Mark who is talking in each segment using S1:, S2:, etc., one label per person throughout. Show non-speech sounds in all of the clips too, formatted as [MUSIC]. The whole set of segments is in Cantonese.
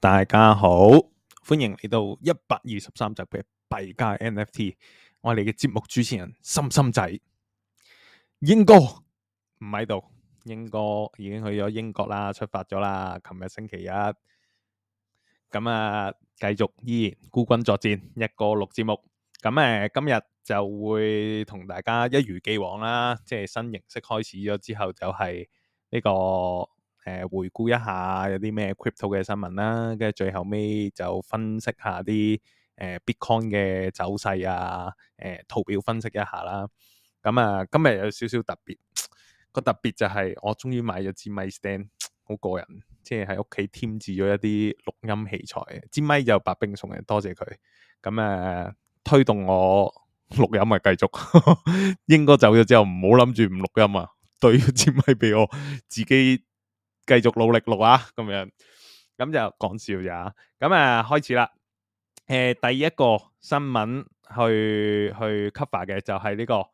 S1: 大家好，歡迎嚟到一百二十三集嘅幣加 NFT。我哋嘅節目主持人心心仔，鷹哥唔喺度，鷹哥已經去咗英國啦，出發咗啦。琴日星期一，咁啊，繼續依然孤軍作戰，一個錄節目。咁誒、啊，今日就會同大家一如既往啦，即係新形式開始咗之後，就係呢、呢個。誒、呃，回顧一下有啲咩 crypto 嘅新聞啦，跟住最後尾就分析一下啲誒、呃、Bitcoin 嘅走勢啊，誒、呃、圖表分析一下啦。咁、嗯、啊，今日有少少特別，個特別就係我終於買咗支咪 stand，好過癮，即係喺屋企添置咗一啲錄音器材。支咪又白兵送人，多謝佢。咁、嗯、誒、呃，推動我錄音咪繼續。鷹 [LAUGHS] 哥走咗之後，唔好諗住唔錄音啊，對支咪俾我自己。繼續努力錄啊，咁樣，咁就講笑咋、啊，咁啊，開始啦。誒、呃，第一個新聞去去 cover 嘅就係呢、這個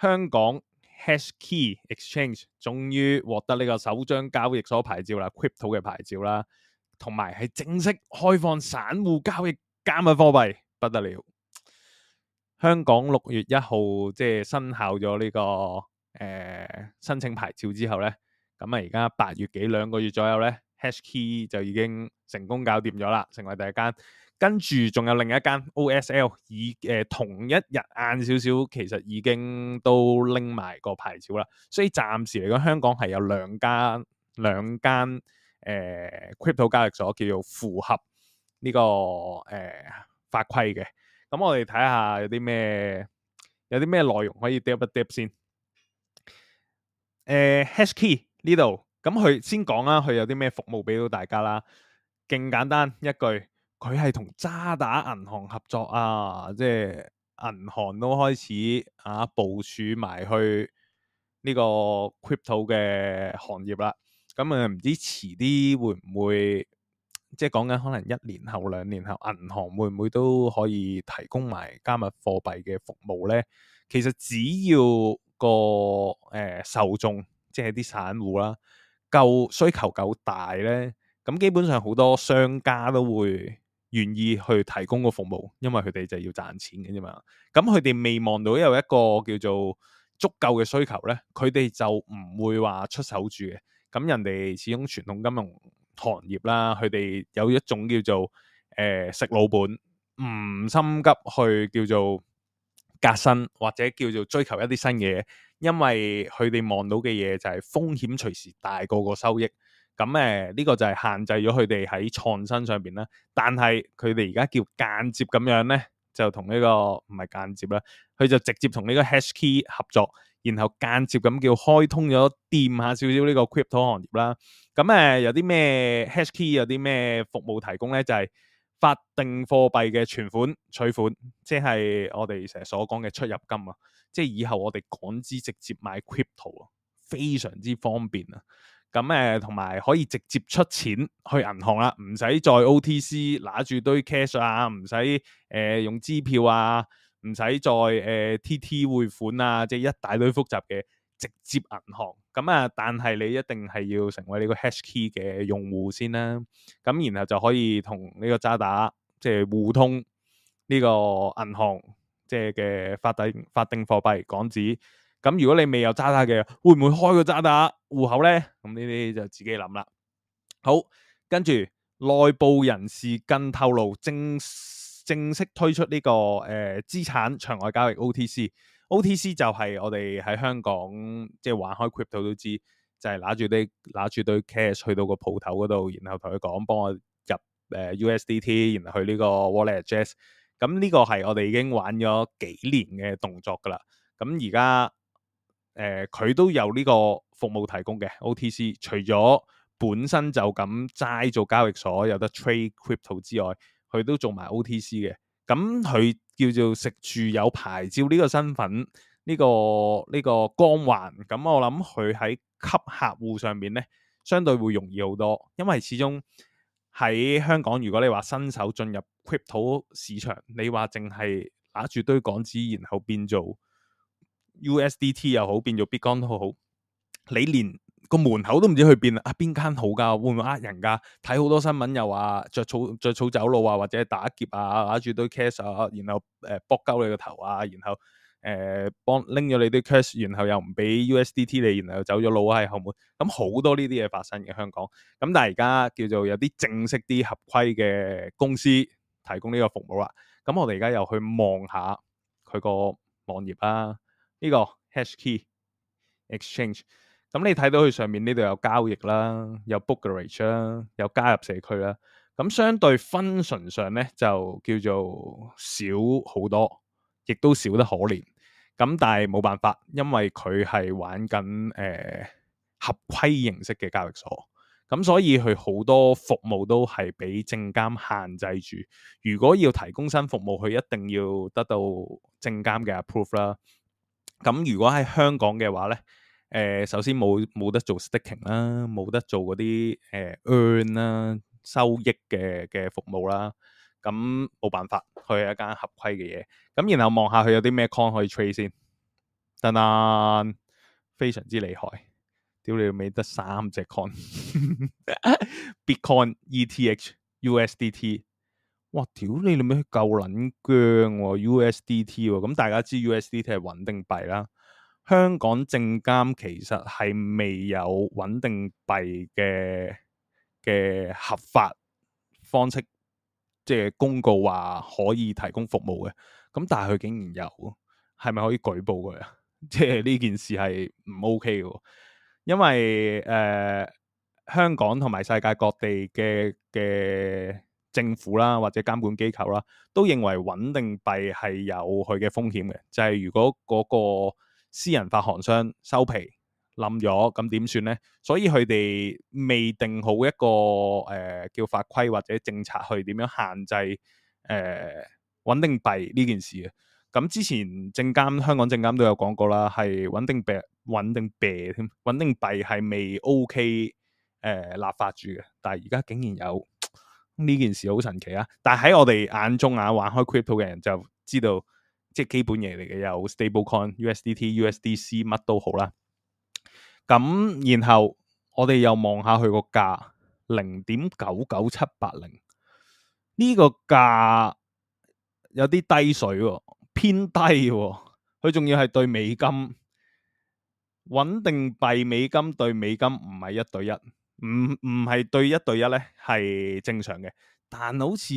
S1: 香港 Hash Key Exchange 終於獲得呢個首張交易所牌照啦，Crypto 嘅牌照啦，同埋係正式開放散戶交易加密貨幣，不得了！香港六月一號即係生效咗呢個誒、呃、申請牌照之後咧。咁啊！而家八月幾兩個月左右咧，HashKey 就已經成功搞掂咗啦，成為第一間。跟住仲有另一間 OSL，以誒、呃、同一日晏少少，其實已經都拎埋個牌照啦。所以暫時嚟講，香港係有兩間兩間誒 crypto 交易所，呃、a，叫做符合呢、呢個誒、呃、法規嘅。咁、嗯、我哋睇下有啲咩有啲咩內容可以 dip 一 dip 先。誒、呃、HashKey。呢度咁佢先講啦、啊，佢有啲咩服務俾到大家啦？勁簡單一句，佢係同渣打銀行合作啊，即係銀行都開始啊部署埋去呢個 crypto 嘅行業啦。咁啊唔知遲啲會唔會即係講緊可能一年後、兩年後，銀行會唔會都可以提供埋加密貨幣嘅服務呢？其實只要個誒、呃、受眾。即係啲散戶啦，夠需求夠大咧，咁基本上好多商家都會願意去提供個服務，因為佢哋就係要賺錢嘅啫嘛。咁佢哋未望到有一個叫做足夠嘅需求咧，佢哋就唔會話出手住嘅。咁人哋始終傳統金融行業啦，佢哋有一種叫做誒食老本，唔心急去叫做。革新或者叫做追求一啲新嘢，因為佢哋望到嘅嘢就係風險隨時大過個個收益，咁誒呢個就係限制咗佢哋喺創新上面啦。但係佢哋而家叫間接咁樣咧，就同呢、呢個唔係間接啦，佢就直接同呢個 Hash Key 合作，然後間接咁叫開通咗掂下少少呢個 crypto 行業啦。咁誒、呃、有啲咩 Hash Key 有啲咩服務提供咧？就係、是。法定貨幣嘅存款取款，即係我哋成日所講嘅出入金啊。即係以後我哋港資直接買 crypto 啊，非常之方便啊。咁誒，同埋可以直接出錢去銀行啦，唔使再 OTC 拿住堆 cash 啊，唔使誒用支票啊，唔使再誒 TT 匯款啊，即係一大堆複雜嘅直接銀行。咁啊！但係你一定係要成為呢個 hash key 嘅用戶先啦，咁然後就可以同呢個渣打即係、就是、互通呢個銀行即係嘅法定法定貨幣港紙。咁如果你未有渣打嘅，會唔會開個渣打戶口呢？咁呢啲就自己諗啦。好，跟住內部人士更透露正，正正式推出呢、這個誒、呃、資產場外交易 OTC。OTC 就係我哋喺香港即係玩開 crypto 都知，就係攞住啲攞住堆 cash 去到個鋪頭嗰度，然後同佢講幫我入誒、呃、USDT，然後去呢個 wallet address、嗯。咁、這、呢個係我哋已經玩咗幾年嘅動作㗎喇。咁而家誒佢都有呢個服務提供嘅 OTC，除咗本身就咁齋做交易所，有得 trade crypto 之外，佢都做埋 OTC 嘅。咁佢叫做食住有牌照呢個身份呢、呢個呢、呢個光環，咁我諗佢喺吸客戶上面咧，相對會容易好多，因為始終喺香港，如果你話新手進入 crypto 市場，你話淨係拿住堆港紙，然後變做 USDT 又好，變做 Bitcoin 都好，你連個門口都唔知去邊啊！邊間好噶？會唔會呃人噶？睇好多新聞又話着草着草走路啊，或者打劫啊，攞住堆 cash 啊，然後誒搏鳩你個頭啊，然後誒幫拎咗你啲 cash，然後又唔俾 USDT 你，然後走咗路啊。喺後門。咁好多呢啲嘢發生喺香港。咁、嗯、但係而家叫做有啲正式啲合規嘅公司提供呢個服務啦、啊。咁、嗯、我哋而家又去望下佢個網頁啊，呢、這個 Hash Key Exchange。咁你睇到佢上面呢度有交易啦，有 bookerage、er、啦，有加入社區啦。咁相對 function 上咧，就叫做少好多，亦都少得可憐。咁但係冇辦法，因為佢係玩緊誒、呃、合規形式嘅交易所，咁所以佢好多服務都係俾證監限制住。如果要提供新服務，佢一定要得到證監嘅 approve 啦。咁如果喺香港嘅話咧？誒，首先冇冇得做 staking 啦，冇得做嗰啲誒 earn 啦，收益嘅嘅服務啦，咁冇辦法，佢係一間合規嘅嘢。咁然後望下佢有啲咩 coin 可以 trade 先，等等，非常之厲害。屌你咪得三隻 coin，Bitcoin、ETH、USDT。哇，屌你你咪夠撚僵喎 USDT 喎，咁大家知 USDT 係穩定幣啦。香港證監其實係未有穩定幣嘅嘅合法方式，即係公告話可以提供服務嘅，咁但係佢竟然有，係咪可以舉報佢啊？即係呢件事係唔 OK 嘅，因為誒、呃、香港同埋世界各地嘅嘅政府啦，或者監管機構啦，都認為穩定幣係有佢嘅風險嘅，就係、係、如果嗰、個。私人發行商收皮冧咗，咁點算呢？所以佢哋未定好一個誒、呃、叫法規或者政策去點樣限制誒、呃、穩定幣呢件事嘅。咁之前證監香港證監都有講過啦，係穩定幣、穩定幣、穩定幣係未 OK 誒、呃、立法住嘅。但係而家竟然有呢件事好神奇啊！但係喺我哋眼中眼、啊、玩開 crypto 嘅人就知道。即係基本嘢嚟嘅，有 stablecoin USD、USDT、USDC 乜都好啦。咁然後我哋又望下佢個價，零點九九七八零呢個價有啲低水喎，偏低喎。佢仲要係對美金，穩定幣美金對美金唔係一對一，唔唔係對一對一咧，係正常嘅。但好似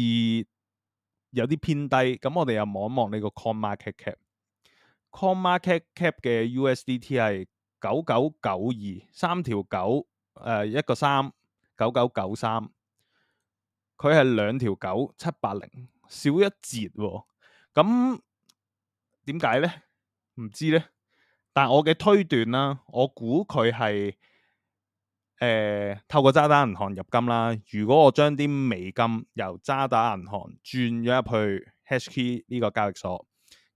S1: 有啲偏低，咁我哋又望一望呢個 coin market cap，coin market cap 嘅 USDT 係九九九二三條九，誒、呃、一個三九九九三，佢係兩條九七八零少一截，哦，咁點解呢？唔知呢，但係我嘅推斷啦，啊，我估佢係。誒、呃，透過渣打銀行入金啦。如果我將啲美金由渣打銀行轉咗入去 HK 呢 [LAUGHS] 個交易所，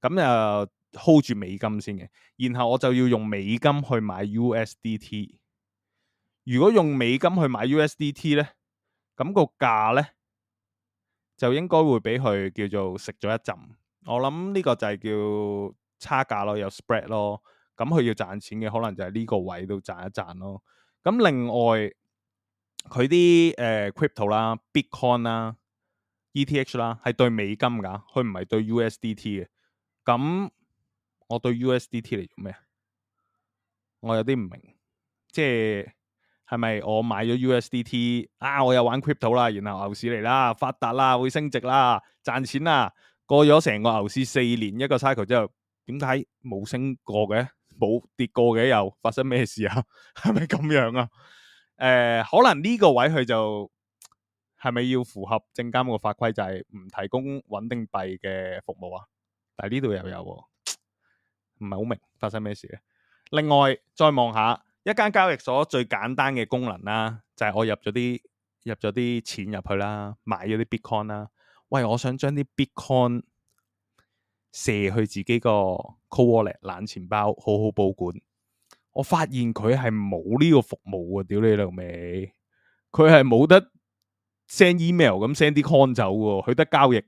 S1: 咁就 hold 住美金先嘅。然後我就要用美金去買 USDT。如果用美金去買 USDT 呢，咁、個價呢，就應該會俾佢叫做食咗一浸。我諗呢個就係叫差價咯，有 spread 咯。咁佢要賺錢嘅，可能就係呢個位度賺一賺咯。咁另外佢啲誒、呃、crypto 啦、bitcoin 啦、ETH 啦係對美金㗎，佢唔係對 USDT 嘅。咁、嗯、我對 USDT 嚟做咩啊？我有啲唔明，即係係咪我買咗 USDT 啊？我又玩 crypto 啦，然後牛市嚟啦，發達啦，會升值啦，賺錢啦，過咗成個牛市四年一個 cycle 之後，點解冇升過嘅？冇跌過嘅又發生咩事啊？係咪咁樣啊？誒、呃，可能呢個位佢就係咪要符合證監個法規，就係唔提供穩定幣嘅服務啊？但係呢度又有喎、啊，唔係好明發生咩事咧、啊。另外再望下一間交易所最簡單嘅功能啦、啊，就係、是、我入咗啲入咗啲錢入去啦，買咗啲 Bitcoin 啦。喂，我想將啲 Bitcoin 射去自己個 cold wallet 冷錢包，好好保管。我發現佢係冇呢個服務啊！屌你老味，佢係冇得 send email 咁 send 啲 coin 走，佢得交易。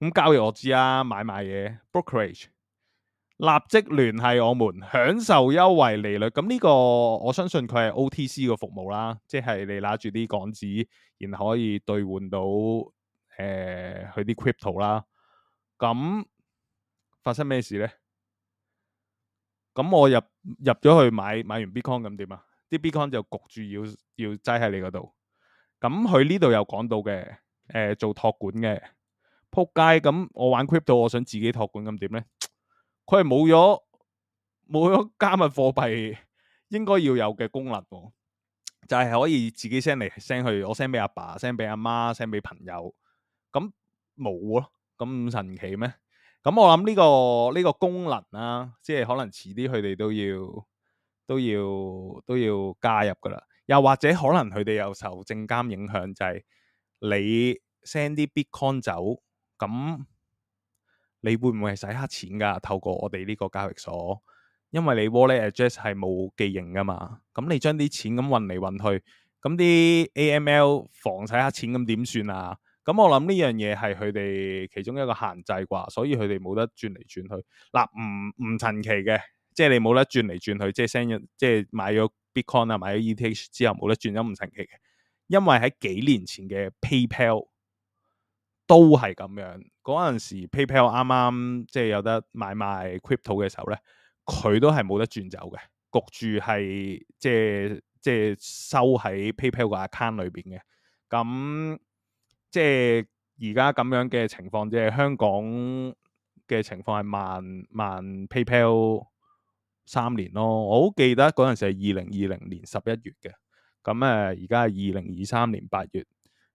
S1: 咁交易我知啊，買買嘢 brokerage 立即聯繫我們，享受優惠利率。咁呢個我相信佢係 OTC 個服務啦，即係你拿住啲港紙，然後可以兌換到誒佢、呃、啲 crypto 啦。咁發生咩事咧？咁我入入咗去買買完 bitcoin 咁點啊？啲 bitcoin 就焗住要要擠喺你嗰度。咁佢呢度有講到嘅，誒、呃、做託管嘅，撲街！咁我玩 crypto，我想自己託管咁點咧？佢係冇咗冇咗加密貨幣應該要有嘅功能㗎，就係、是、可以自己 send 嚟 send 去，我 send 俾阿爸，send 俾阿媽，send 俾朋友，咁冇咯。咁神奇咩？咁我諗呢、這個呢、這個功能啦、啊，即係可能遲啲佢哋都要都要都要加入噶啦。又或者可能佢哋又受證監影響，就係、是、你 send 啲 bitcoin 走，咁你會唔會係洗黑錢噶？透過我哋呢個交易所，因為你 wallet address 係冇記認噶嘛。咁你將啲錢咁運嚟運去，咁啲 AML 防洗黑錢咁點算啊？咁我諗呢樣嘢係佢哋其中一個限制啩，所以佢哋冇得轉嚟轉去。嗱、啊，唔唔神奇嘅，即係你冇得轉嚟轉去，即係 send 即係買咗 Bitcoin 啊，買咗 ETH 之後冇得轉咗。唔神奇嘅。因為喺幾年前嘅 PayPal 都係咁樣，嗰陣時 PayPal 啱啱即係有得買賣 crypto 嘅時候咧，佢都係冇得轉走嘅，焗住係即係即係收喺 PayPal 個 account 裏邊嘅，咁。即係而家咁樣嘅情況，即係香港嘅情況係慢慢 PayPal 三年咯。我好記得嗰陣時係二零二零年十一月嘅，咁誒而家係二零二三年八月，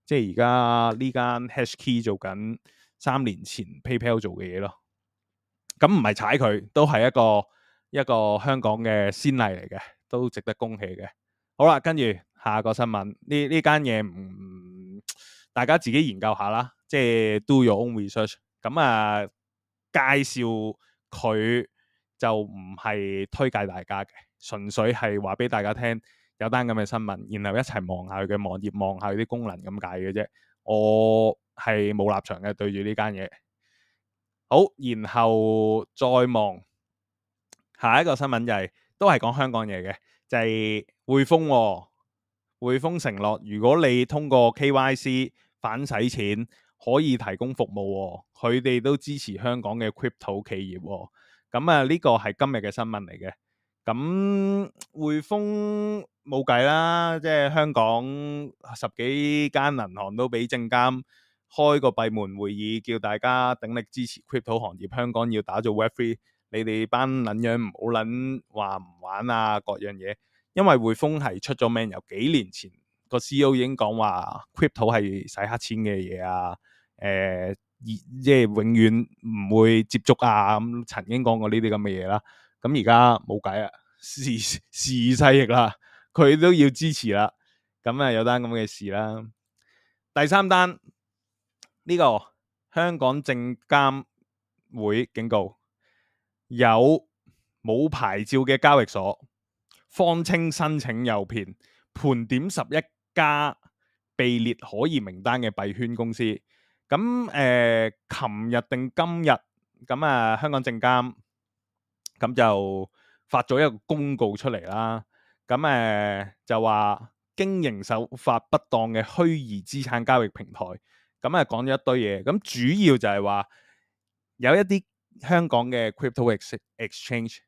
S1: 即係而家呢間 HashKey 做緊三年前 PayPal 做嘅嘢咯。咁唔係踩佢，都係一個一個香港嘅先例嚟嘅，都值得恭喜嘅。好啦，跟住下個新聞，呢呢間嘢唔～大家自己研究下啦，即係 do your own research，嗯。咁啊，介紹佢就唔係推介大家嘅，純粹係話俾大家聽有單咁嘅新聞，然後一齊望下佢嘅網頁，望下佢啲功能咁解嘅啫。我係冇立場嘅，對住呢間嘢。好，然後再望下一個新聞就係，都係講香港嘢嘅，就係匯豐哦。匯豐承諾，如果你通過 KYC 反洗錢，可以提供服務喎。佢哋都支持香港嘅 crypto 企業喎。咁啊，呢個係今日嘅新聞嚟嘅。咁匯豐冇計啦，即係香港十幾間銀行都俾證監開個閉門會議，叫大家鼎力支持 crypto 行業。香港要打造 Web3，你哋班撚樣唔好撚話唔玩啊，各樣嘢。因為匯豐係出咗名，由幾年前個 CEO 已經講話，Crypto 係洗黑錢嘅嘢啊，誒、呃，即係永遠唔會接觸啊，咁、嗯、曾經講過呢啲咁嘅嘢啦。咁而家冇計啊，時時勢亦啦，佢都要支持啦。咁啊，有單咁嘅事啦。第三單呢、這個香港證監會警告有冇牌照嘅交易所。方清申請郵騙，盤點十一家被列可疑名單嘅幣圈公司。咁誒，琴、呃、日定今日咁啊、呃，香港證監咁、呃、就發咗一個公告出嚟啦。咁、呃、誒就話經營手法不當嘅虛擬資產交易平台。咁、呃、啊，講咗一堆嘢。咁、呃、主要就係話有一啲香港嘅 crypto exchange。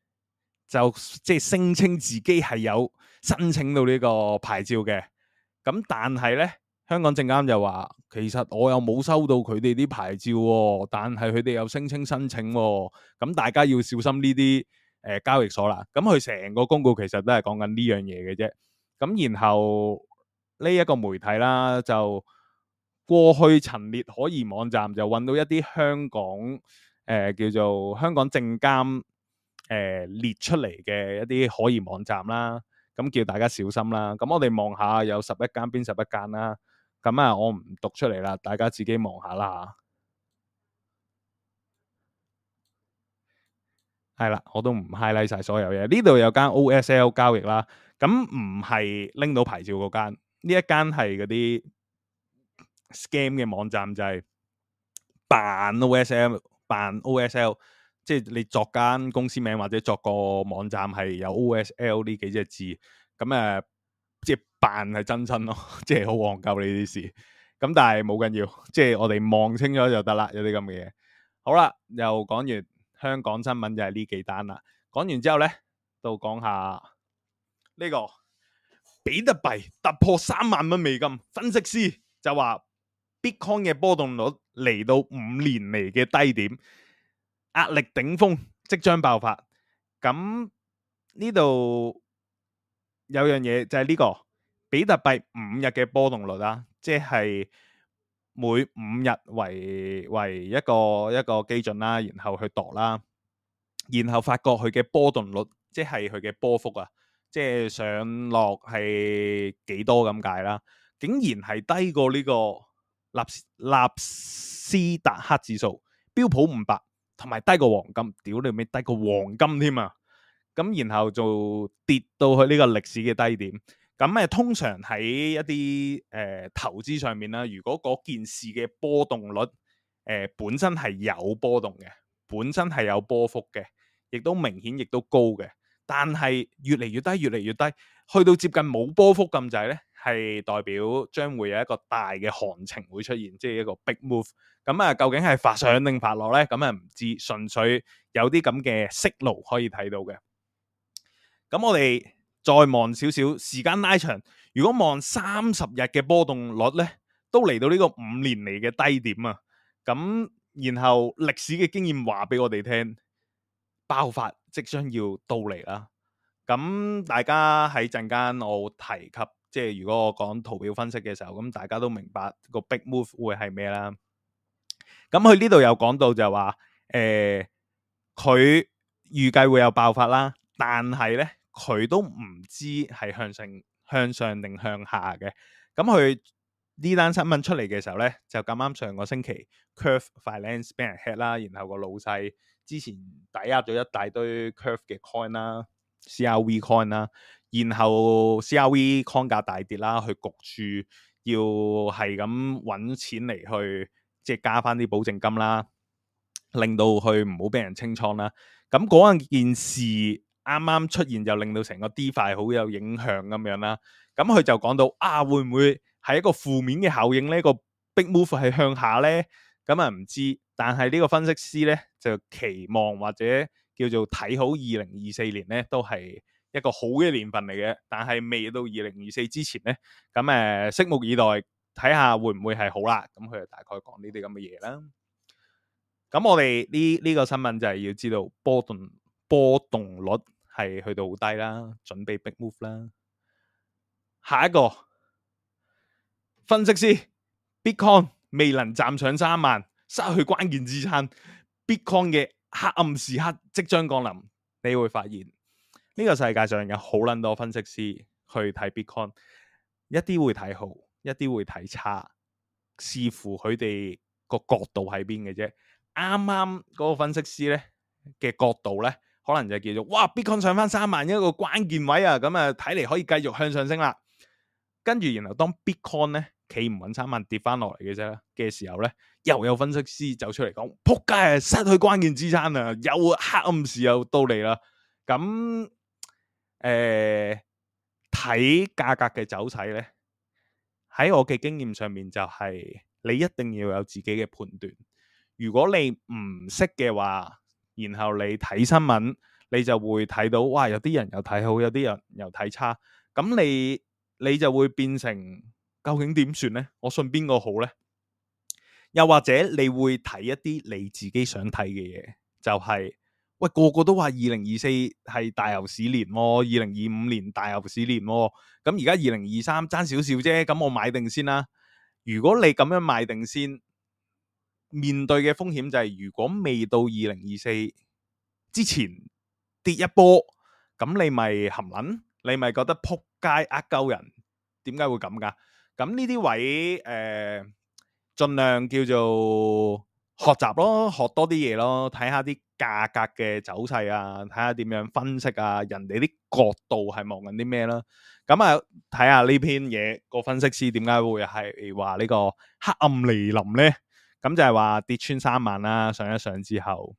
S1: 就即係聲稱自己係有申請到呢個牌照嘅，咁但係呢，香港證監就話其實我又冇收到佢哋啲牌照喎，但係佢哋有聲稱申請喎，咁大家要小心呢啲誒交易所啦。咁佢成個公告其實都係講緊呢樣嘢嘅啫。咁然後呢一、這個媒體啦，就過去陳列可疑網站，就揾到一啲香港誒、呃、叫做香港證監。誒、呃，列出嚟嘅一啲可疑網站啦，咁叫大家小心啦。咁我哋望下有十一間，邊十一間啦。咁啊，我唔讀出嚟啦，大家自己望下啦。吓，係啦，我都唔 highlight 晒所有嘢。呢度有間 OSL 交易啦，咁唔係拎到牌照嗰間，呢一間係嗰啲 scam 嘅網站，就係、是、扮 OSL，扮 OSL。即係你作間公司名或者作個網站係有 O S L 呢幾隻字，咁誒，即係扮係真親咯，即係好戇鳩呢啲事。咁但係冇緊要，即係我哋望清楚就得啦。有啲咁嘅嘢，好啦，又講完香港新聞就係呢幾單啦。講完之後咧，都講下呢個比特幣突破三萬蚊美金，分析師就話 Bitcoin 嘅波動率嚟到五年嚟嘅低點。壓力頂峰即將爆發，咁呢度有樣嘢就係、是、呢、這個比特幣五日嘅波動率啦、啊，即係每五日為為一個一個基準啦、啊，然後去度啦、啊，然後發覺佢嘅波動率即係佢嘅波幅啊，即係上落係幾多咁解啦，竟然係低過呢個納納斯達斯達克指數、標普五百。同埋低過黃金，屌你咪低過黃金添啊！咁然後就跌到去呢個歷史嘅低點。咁啊，通常喺一啲誒、呃、投資上面啦，如果嗰件事嘅波動率誒、呃、本身係有波動嘅，本身係有波幅嘅，亦都明顯亦都高嘅。但係越嚟越低，越嚟越低，去到接近冇波幅咁滯咧。係代表將會有一個大嘅行情會出現，即係一個 big move。咁啊，究竟係發上定發落呢？咁啊，唔知，純粹有啲咁嘅息路可以睇到嘅。咁我哋再望少少時間拉長，如果望三十日嘅波動率呢，都嚟到呢個五年嚟嘅低點啊！咁然後歷史嘅經驗話俾我哋聽，爆發即將要到嚟啦。咁大家喺陣間我提及。即係如果我講圖表分析嘅時候，咁大家都明白個 big move 會係咩啦。咁佢呢度有講到就話，誒、呃，佢預計會有爆發啦，但係咧佢都唔知係向上向上定向下嘅。咁佢呢單新聞出嚟嘅時候咧，就咁啱上個星期 Curve Finance 俾人 hit 啦，然後個老細之前抵押咗一大堆 Curve 嘅 coin 啦，CRV coin 啦。然後 CRV 框架大跌啦，去焗住要係咁揾錢嚟去，即係加翻啲保證金啦，令到佢唔好俾人清倉啦。咁嗰件事啱啱出現，就令到成個 d 塊好有影響咁樣啦。咁佢就講到啊，會唔會係一個負面嘅效應呢？個 big move 係向下呢？咁啊唔知。但係呢個分析師呢，就期望或者叫做睇好二零二四年呢，都係。一個好嘅年份嚟嘅，但係未到二零二四之前咧，咁誒、呃，拭目以待，睇下會唔會係好啦。咁佢就大概講呢啲咁嘅嘢啦。咁我哋呢呢個新聞就係要知道波動波動率係去到好低啦，準備 big move 啦。下一個分析師 Bitcoin 未能站上三萬，失去關鍵支撐，Bitcoin 嘅黑暗時刻即將降臨。你會發現。呢個世界上有好捻多分析師去睇 bitcoin，一啲會睇好，一啲會睇差，視乎佢哋個角度喺邊嘅啫。啱啱嗰個分析師咧嘅角度咧，可能就叫做哇，bitcoin 上翻三萬一個關鍵位啊，咁啊睇嚟可以繼續向上升啦。跟住然後當 bitcoin 咧企唔穩三萬跌翻落嚟嘅啫嘅時候咧，又有分析師走出嚟講，仆街啊，失去關鍵支撐啊，又黑暗時又到嚟啦。咁誒，睇、呃、價格嘅走勢呢，喺我嘅經驗上面就係、是，你一定要有自己嘅判斷。如果你唔識嘅話，然後你睇新聞，你就會睇到，哇，有啲人又睇好，有啲人又睇差，咁你你就會變成究竟點算呢？我信邊個好呢？又或者你會睇一啲你自己想睇嘅嘢，就係、是。喂，個個都話二零二四係大牛市年喎、哦，二零二五年大牛市年喎、哦，咁而家二零二三爭少少啫，咁我買定先啦。如果你咁樣買定先，面對嘅風險就係如果未到二零二四之前跌一波，咁你咪含撚，你咪覺得扑街呃鳩人，點解會咁噶？咁呢啲位誒、呃，盡量叫做學習咯，學多啲嘢咯，睇下啲。價格嘅走勢啊，睇下點樣分析啊，人哋啲角度係望緊啲咩啦？咁啊，睇下呢篇嘢，個分析師點解會係話呢個黑暗來臨呢？咁就係話跌穿三萬啦，啊，上一上之後，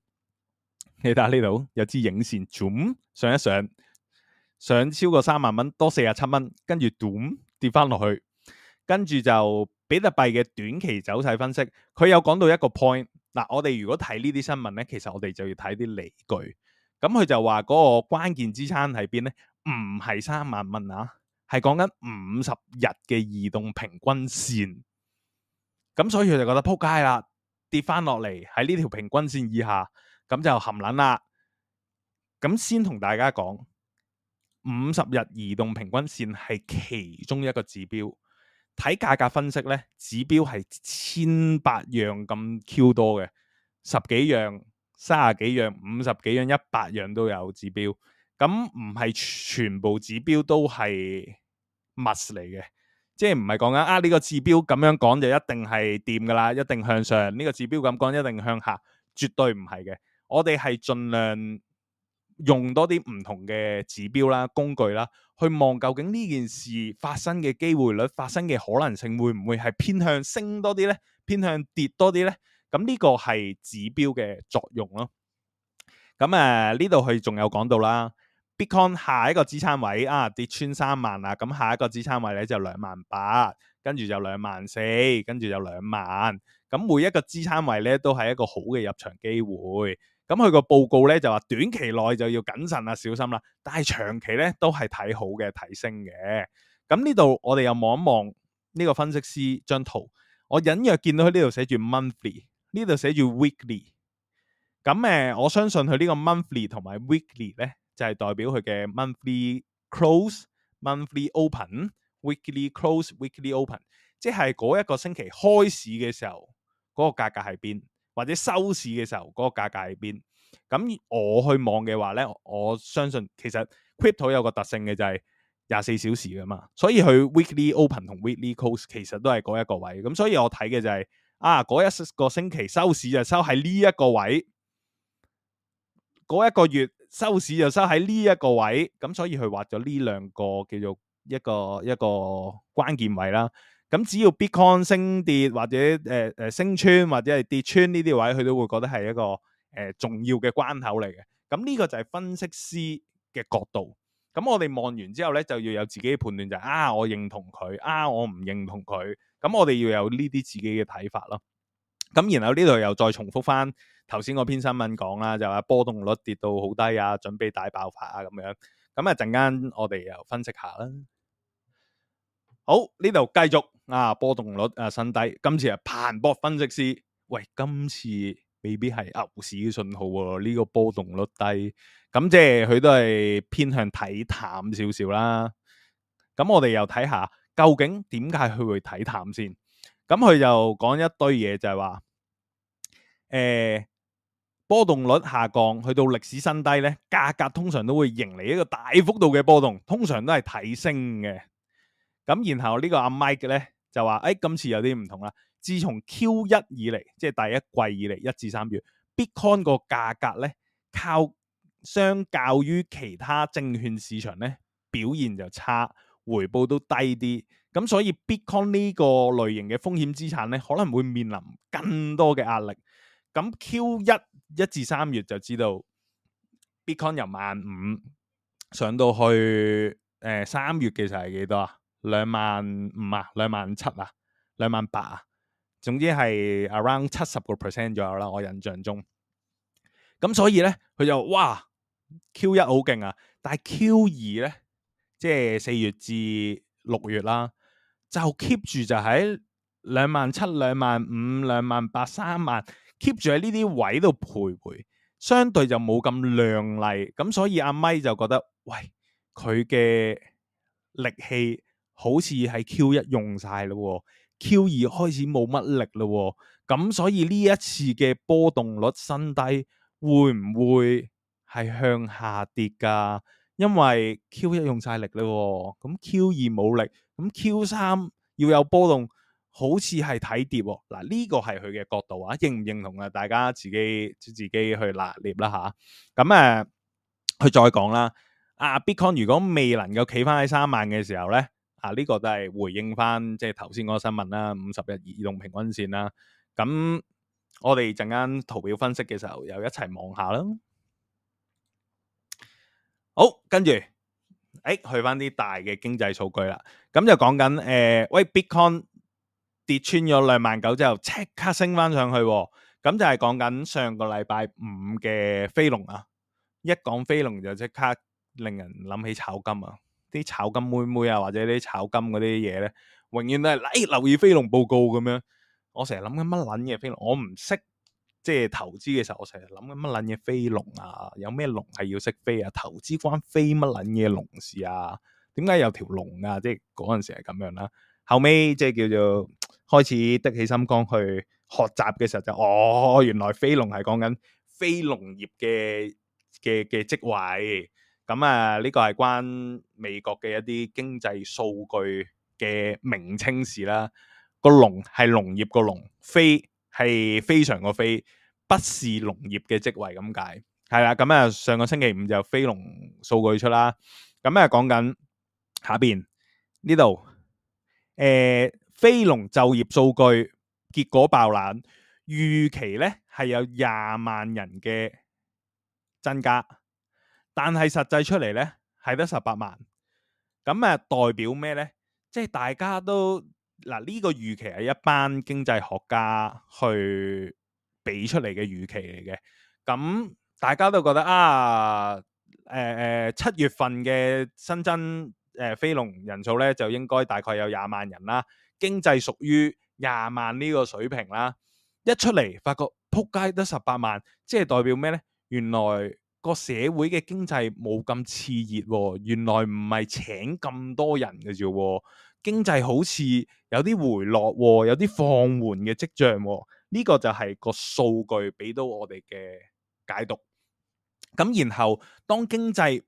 S1: 你睇下呢度有支影線 zoom 上一上，上超過三萬蚊，多四十七蚊，跟住跌翻落去，跟住就比特幣嘅短期走勢分析，佢有講到一個 point。嗱、啊，我哋如果睇呢啲新聞呢，其實我哋就要睇啲理據。咁佢就話嗰個關鍵支撐喺邊呢？唔係三萬蚊啊，係講緊五十日嘅移動平均線。咁所以佢就覺得撲街啦，跌翻落嚟喺呢條平均線以下，咁就含撚啦。咁先同大家講，五十日移動平均線係其中一個指標。睇價格分析咧，指標係千百樣咁 Q 多嘅，十幾樣、三十幾樣、五十幾樣、一百樣都有指標。咁唔係全部指標都係 must 嚟嘅，即係唔係講緊啊呢個指標咁樣講就一定係掂噶啦，一定向上。呢個指標咁講一定向下，絕對唔係嘅。我哋係盡量用多啲唔同嘅指標啦、工具啦。去望究竟呢件事發生嘅機會率、發生嘅可能性會唔會係偏向升多啲呢？偏向跌多啲呢？咁呢個係指標嘅作用咯。咁誒，呢度佢仲有講到啦，Bitcoin 下一個支撐位啊跌穿三萬啦，咁下一個支撐位咧就兩萬八，跟住就兩萬四，跟住就兩萬。咁每一個支撐位咧都係一個好嘅入場機會。咁佢個報告咧就話短期內就要謹慎啦，小心啦，但係長期咧都係睇好嘅，睇升嘅。咁呢度我哋又望一望呢個分析師張圖，我隱約見到佢呢度寫住 monthly，呢度寫住 weekly。咁誒、呃，我相信佢呢個 monthly 同埋 weekly 咧，就係、是、代表佢嘅 monthly close、monthly open、weekly close、weekly open，即係嗰一個星期開市嘅時候嗰、那個價格喺邊。或者收市嘅時候嗰個價格喺邊？咁我去望嘅話咧，我相信其實 Crypto 有個特性嘅就係廿四小時噶嘛，所以佢 Weekly Open 同 Weekly Close 其實都係嗰一個位。咁所以我睇嘅就係啊嗰一個星期收市就收喺呢一個位，嗰一個月收市就收喺呢一個位。咁所以佢劃咗呢兩個叫做一個一個，一個關鍵位啦。咁只要 Bitcoin 升跌，或者誒誒、呃、升穿或者係跌穿呢啲位，佢都會覺得係一個誒、呃、重要嘅關口嚟嘅。咁呢個就係分析師嘅角度。咁我哋望完之後咧，就要有自己嘅判斷，就是，就係啊，我認同佢啊，我唔認同佢。咁我哋要有呢啲自己嘅睇法咯。咁然後呢度又再重複翻頭先嗰篇新聞講啦，就話波動率跌到好低啊，準備大爆發啊，咁樣。咁啊陣間我哋又分析下啦。好，呢度繼續。啊波動率啊新低，今次啊彭博分析師，喂今次未必係牛市嘅信號喎、哦，呢、這個波動率低，咁、嗯、即係佢都係偏向睇淡少少啦。咁、嗯、我哋又睇下究竟點解佢會睇淡先。咁、嗯、佢就講一堆嘢，就係話，誒、呃、波動率下降去到歷史新低咧，價格通常都會迎嚟一個大幅度嘅波動，通常都係睇升嘅。咁、嗯、然後個、啊、呢個阿 Mike 咧。就話誒、哎，今次有啲唔同啦。自從 Q 一以嚟，即係第一季以嚟，一至三月，Bitcoin 個價格咧，靠相較於其他證券市場咧，表現就差，回報都低啲。咁所以 Bitcoin 呢個類型嘅風險資產咧，可能會面臨更多嘅壓力。咁 Q 一一至三月就知道 Bitcoin 由萬五上到去誒、呃，三月，其實係幾多啊？兩萬五啊，兩萬七啊，兩萬八啊，總之係 around 七十個 percent 左右啦，我印象中。咁所以咧，佢就哇，Q 一好勁啊，但係 Q 二咧，即係四月至六月啦，就 keep 住就喺兩萬七、兩萬五、兩萬八、三萬，keep 住喺呢啲位度徘徊，相對就冇咁亮麗。咁所以阿咪就覺得，喂，佢嘅力氣。好似係 Q 一用晒咯，Q 二開始冇乜力咯，咁所以呢一次嘅波動率新低會唔會係向下跌噶？因為 Q 一用晒力咯，咁 Q 二冇力，咁 Q 三要有波動，好似係睇跌。嗱呢個係佢嘅角度啊，認唔認同啊？大家自己自己去拿捏啦吓。咁誒，佢再講啦。啊，啊，Bitcoin 如果未能夠企翻喺三萬嘅時候咧？啊！呢個都係回應翻，即係頭先嗰個新聞啦，五十日移動平均線啦。咁我哋陣間圖表分析嘅時候，又一齊望下啦。好，跟住，誒，去翻啲大嘅經濟數據啦。咁就講緊，誒，喂，Bitcoin 跌穿咗兩萬九之後，即刻升翻上去啊。咁就係講緊上個禮拜五嘅飛龍啊！一講飛龍就即刻令人諗起炒金啊！啲炒金妹妹啊，或者啲炒金嗰啲嘢咧，永遠都係誒、哎，留意飛龍報告咁樣。我成日諗緊乜撚嘢飛龍，我唔識即係投資嘅時候，我成日諗緊乜撚嘢飛龍啊，有咩龍係要識飛啊？投資關飛乜撚嘢龍事啊？點解有條龍啊？即係嗰陣時係咁樣啦、啊。後尾即係叫做開始得起心肝去學習嘅時候就，就哦，原來飛龍係講緊非農業嘅嘅嘅職位。咁啊，呢、嗯這個係關美國嘅一啲經濟數據嘅名稱事啦。這個農係農業個農，非」係非常個非」，不是農業嘅職位咁解係啦。咁、這、啊、個嗯嗯，上個星期五就非農數據出啦。咁、嗯、啊、嗯，講緊下邊呢度誒，非農、呃、就業數據結果爆冷，預期咧係有廿萬人嘅增加。但係實際出嚟呢係得十八萬，咁、嗯、啊代表咩呢？即係大家都嗱呢、呢個預期係一班經濟學家去俾出嚟嘅預期嚟嘅，咁、嗯、大家都覺得啊，誒、呃、誒、呃、七月份嘅新增誒非農人數呢，就應該大概有廿萬人啦，經濟屬於廿萬呢個水平啦，一出嚟發覺扑街得十八萬，即係代表咩呢？原來個社會嘅經濟冇咁熾熱喎，原來唔係請咁多人嘅啫，經濟好似有啲回落喎，有啲放緩嘅跡象喎，呢個就係個數據俾到我哋嘅解讀。咁然後當經濟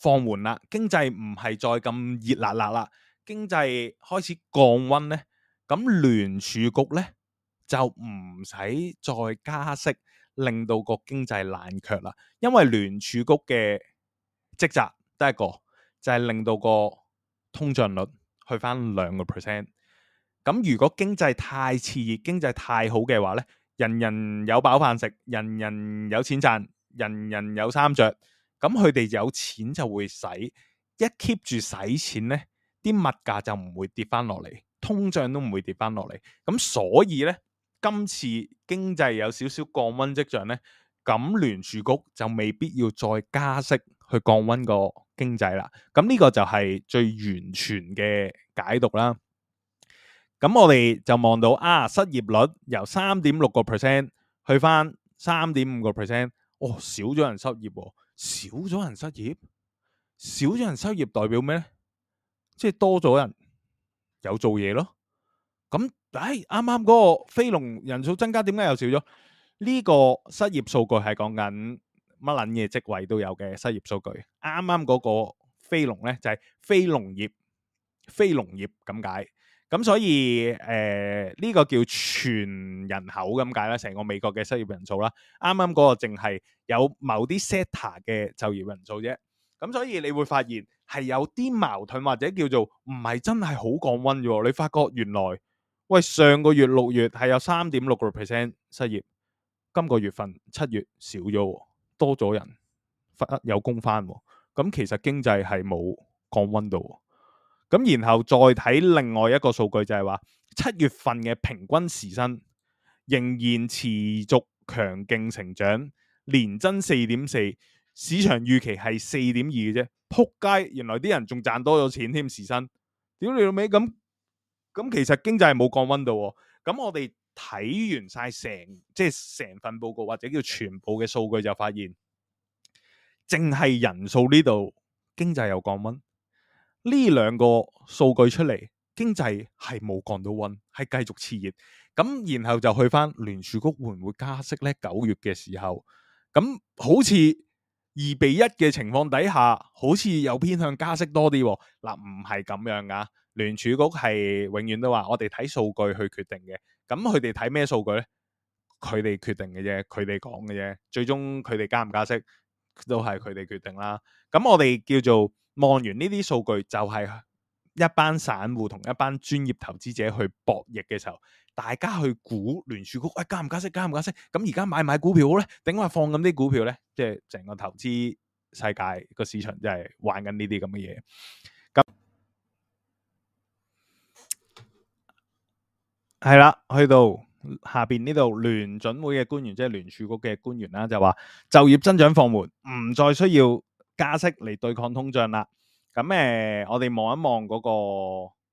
S1: 放緩啦，經濟唔係再咁熱辣辣啦，經濟開始降溫呢，咁聯儲局呢，就唔使再加息。令到個經濟冷卻啦，因為聯儲局嘅職責第一個就係、是、令到個通脹率去翻兩個 percent。咁如果經濟太熾熱、經濟太好嘅話咧，人人有飽飯食，人人有錢賺，人人有衫着，咁佢哋有錢就會使，一 keep 住使錢咧，啲物價就唔會跌翻落嚟，通脹都唔會跌翻落嚟。咁所以咧。今次經濟有少少降溫跡象呢，咁聯儲局就未必要再加息去降溫個經濟啦。咁呢個就係最完全嘅解讀啦。咁我哋就望到啊，失業率由三點六個 percent 去返三點五個 percent，哦，少咗人失業，少咗人失業，少咗人失業代表咩咧？即係多咗人有做嘢咯。咁唉，啱啱嗰個非農人數增加，點解又少咗？呢個失業數據係講緊乜撚嘢職位都有嘅失業數據。啱啱嗰個非農咧就係非農業、非農業咁解。咁所以誒呢個叫全人口咁解啦，成個美國嘅失業人數啦。啱啱嗰個淨係有某啲 sector 嘅就業人數啫。咁所以你會發現係有啲矛盾或者叫做唔係真係好降溫啫。你發覺原來。喂，上個月六月係有三點六個 percent 失業，今個月份七月少咗，多咗人，有工返，咁其實經濟係冇降温度。咁然後再睇另外一個數據就係話，七月份嘅平均時薪仍然持續強勁成長，年增四點四，市場預期係四點二嘅啫，扑街！原來啲人仲賺多咗錢添，時薪，屌你老味咁。咁其實經濟係冇降温到，咁我哋睇完晒成即係成份報告或者叫全部嘅數據就發現，淨係人數呢度經濟有降温，呢兩個數據出嚟，經濟係冇降到温，係繼續熾熱。咁然後就去翻聯儲局會唔會加息呢？九月嘅時候，咁好似二比一嘅情況底下，好似有偏向加息多啲。嗱、啊，唔係咁樣噶。聯儲局係永遠都話我哋睇數據去決定嘅，咁佢哋睇咩數據咧？佢哋決定嘅啫，佢哋講嘅啫，最終佢哋加唔加息都係佢哋決定啦。咁我哋叫做望完呢啲數據，就係、是、一班散戶同一班專業投資者去博弈嘅時候，大家去估聯儲局，喂、哎、加唔加息，加唔加息？咁而家買唔買股票好咧？定話放緊啲股票咧，即係成個投資世界個市場就係玩緊呢啲咁嘅嘢。係啦，去到下邊呢度聯準會嘅官員，即係聯儲局嘅官員啦，就話就業增長放緩，唔再需要加息嚟對抗通脹啦。咁誒、呃，我哋望一望嗰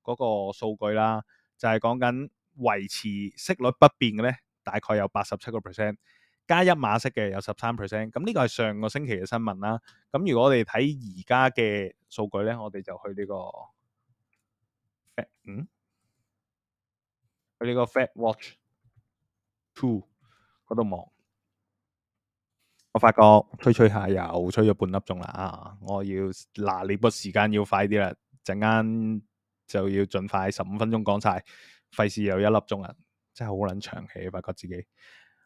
S1: 個嗰個數據啦，就係講緊維持息率不變嘅咧，大概有八十七個 percent，加一碼息嘅有十三 percent。咁呢個係上個星期嘅新聞啦。咁如果我哋睇而家嘅數據咧，我哋就去呢個嗯。佢呢個 Fat Watch Two 嗰度望，我發覺吹吹下又吹咗半粒鐘啦啊！我要嗱、啊，你個時間要快啲啦，陣間就要盡快十五分鐘講晒，費事又一粒鐘啊！真係好捻長氣，發覺自己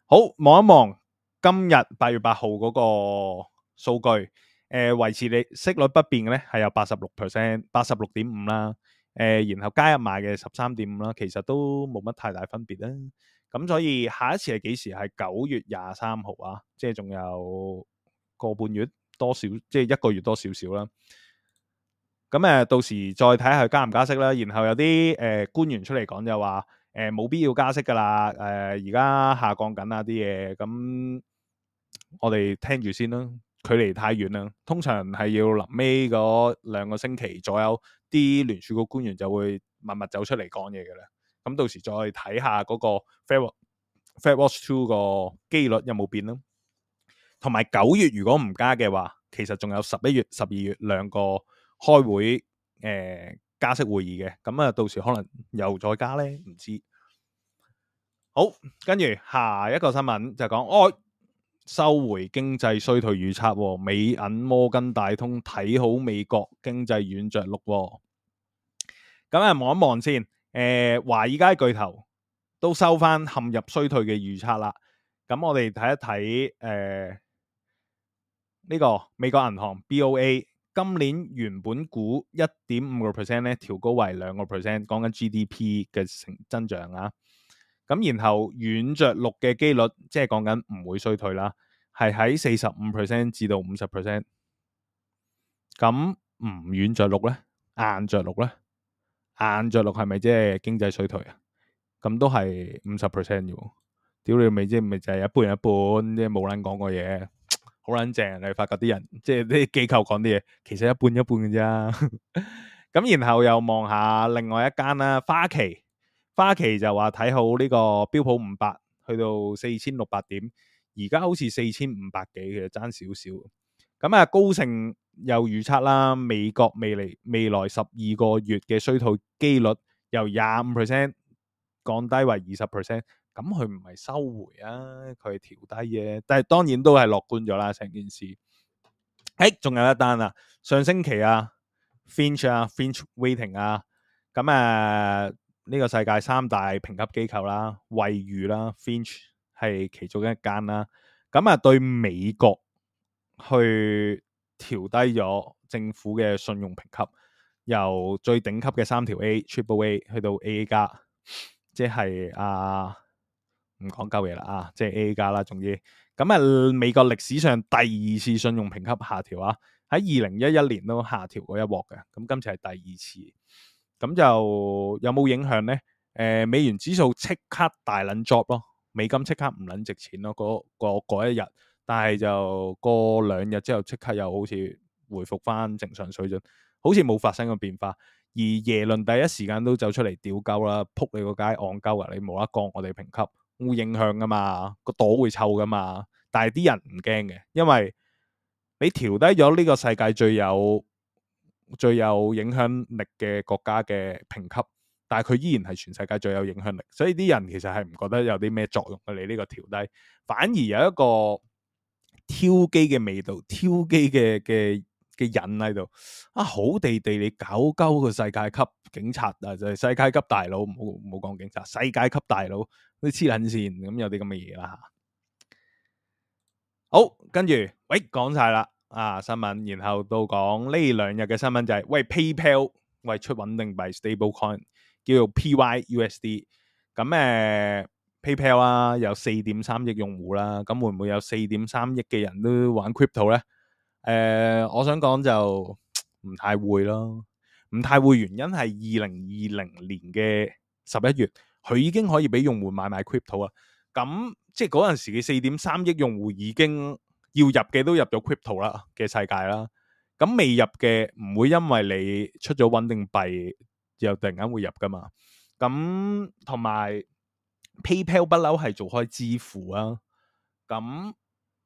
S1: 好望一望今日八月八號嗰個數據，誒、呃、維持你息率不變嘅咧係有八十六 percent 八十六點五啦。誒、呃，然後加入埋嘅十三點五啦，其實都冇乜太大分別啦。咁、嗯、所以下一次係幾時？係九月廿三號啊，即係仲有個半月多少，即係一個月多少少啦。咁、嗯、誒，到時再睇下加唔加息啦。然後有啲誒、呃、官員出嚟講就話，誒、呃、冇必要加息噶啦。誒而家下降緊啊啲嘢，咁、嗯、我哋聽住先啦。距離太遠啦，通常係要臨尾嗰兩個星期左右。啲聯儲局官員就會默默走出嚟講嘢嘅咧，咁到時再睇下嗰個 Fed Fed Watch Two 個機率有冇變啦。同埋九月如果唔加嘅話，其實仲有十一月、十二月兩個開會，誒、呃、加息會議嘅，咁啊到時可能又再加咧，唔知。好，跟住下一個新聞就講我。哦收回經濟衰退預測，美銀摩根大通睇好美國經濟軟着陸，哦。咁啊，望一望先。誒、呃，華爾街巨頭都收翻陷入衰退嘅預測啦。咁我哋睇一睇誒呢個美國銀行 BOA 今年原本估一點五個 percent 咧，調高為兩個 percent，講緊 GDP 嘅成增長啊。咁然後軟着陸嘅機率，即係講緊唔會衰退啦，係喺四十五 percent 至到五十 percent。咁唔軟着陸咧，硬着陸咧，硬着陸係咪即係經濟衰退啊？咁都係五十 percent 嘅。屌你咪即係咪就係、是、一半一半，即係冇撚講過嘢，好撚正。你發覺啲人即係啲機構講啲嘢，其實一半一半嘅啫。咁 [LAUGHS] 然後又望下另外一間啦，花旗。花旗就話睇好呢個標普五百，去到四千六百點，而家好似四千五百幾，其實爭少少。咁啊，高盛又預測啦，美國未來未來十二個月嘅衰退機率由廿五 percent 降低為二十 percent，咁佢唔係收回啊，佢係調低嘅，但係當然都係樂觀咗啦，成件事。誒、哎，仲有一單啊，上星期啊 Fitch 啊，Fitch rating 啊，咁誒、啊。呢個世界三大評級機構啦，惠譽啦 Fitch 係其中一間啦。咁啊，對美國去調低咗政府嘅信用評級，由最頂級嘅三條 A（Triple A） AAA，去到 AA 加，即係啊，唔講鳩嘢啦啊，即係 AA 加啦，總之，咁啊，美國歷史上第二次信用評級下調啊，喺二零一一年都下調過一鑊嘅，咁今次係第二次。咁就有冇影響呢？誒、呃，美元指數即刻大撚 job 咯，美金即刻唔撚值錢咯，嗰一日。但係就過兩日之後，即刻又好似回復翻正常水準，好似冇發生過變化。而耶倫第一時間都走出嚟屌鳩啦，撲你個街戇鳩啊！你冇得降我哋評級，會影響噶嘛，個朵會臭噶嘛。但係啲人唔驚嘅，因為你調低咗呢個世界最有。最有影響力嘅國家嘅評級，但係佢依然係全世界最有影響力，所以啲人其實係唔覺得有啲咩作用嘅。你呢個調低，反而有一個挑機嘅味道，挑機嘅嘅嘅引喺度。啊，好地地你搞鳩個世界級警察啊，就係、是、世界級大佬，唔好唔好講警察，世界級大佬啲黐捻線咁，有啲咁嘅嘢啦。好，跟住喂，講晒啦。啊，新聞，然後都講，呢兩日嘅新聞就係，喂，PayPal，喂出穩定幣 stablecoin，叫做 PYUSD。咁，PayPal 有4.3億用戶啦，咁會唔會有4.3億嘅人都玩 crypto 呢？我想講就唔太會囉，唔太會原因係2020年嘅11月，佢已經可以俾用戶買賣 crypto 啦，咁即係嗰陣時嘅4.3億用戶已經要入嘅都入咗 crypto 啦嘅世界啦，咁未入嘅唔會因為你出咗穩定幣又突然間會入噶嘛？咁同埋 PayPal 不嬲係做開支付啊，咁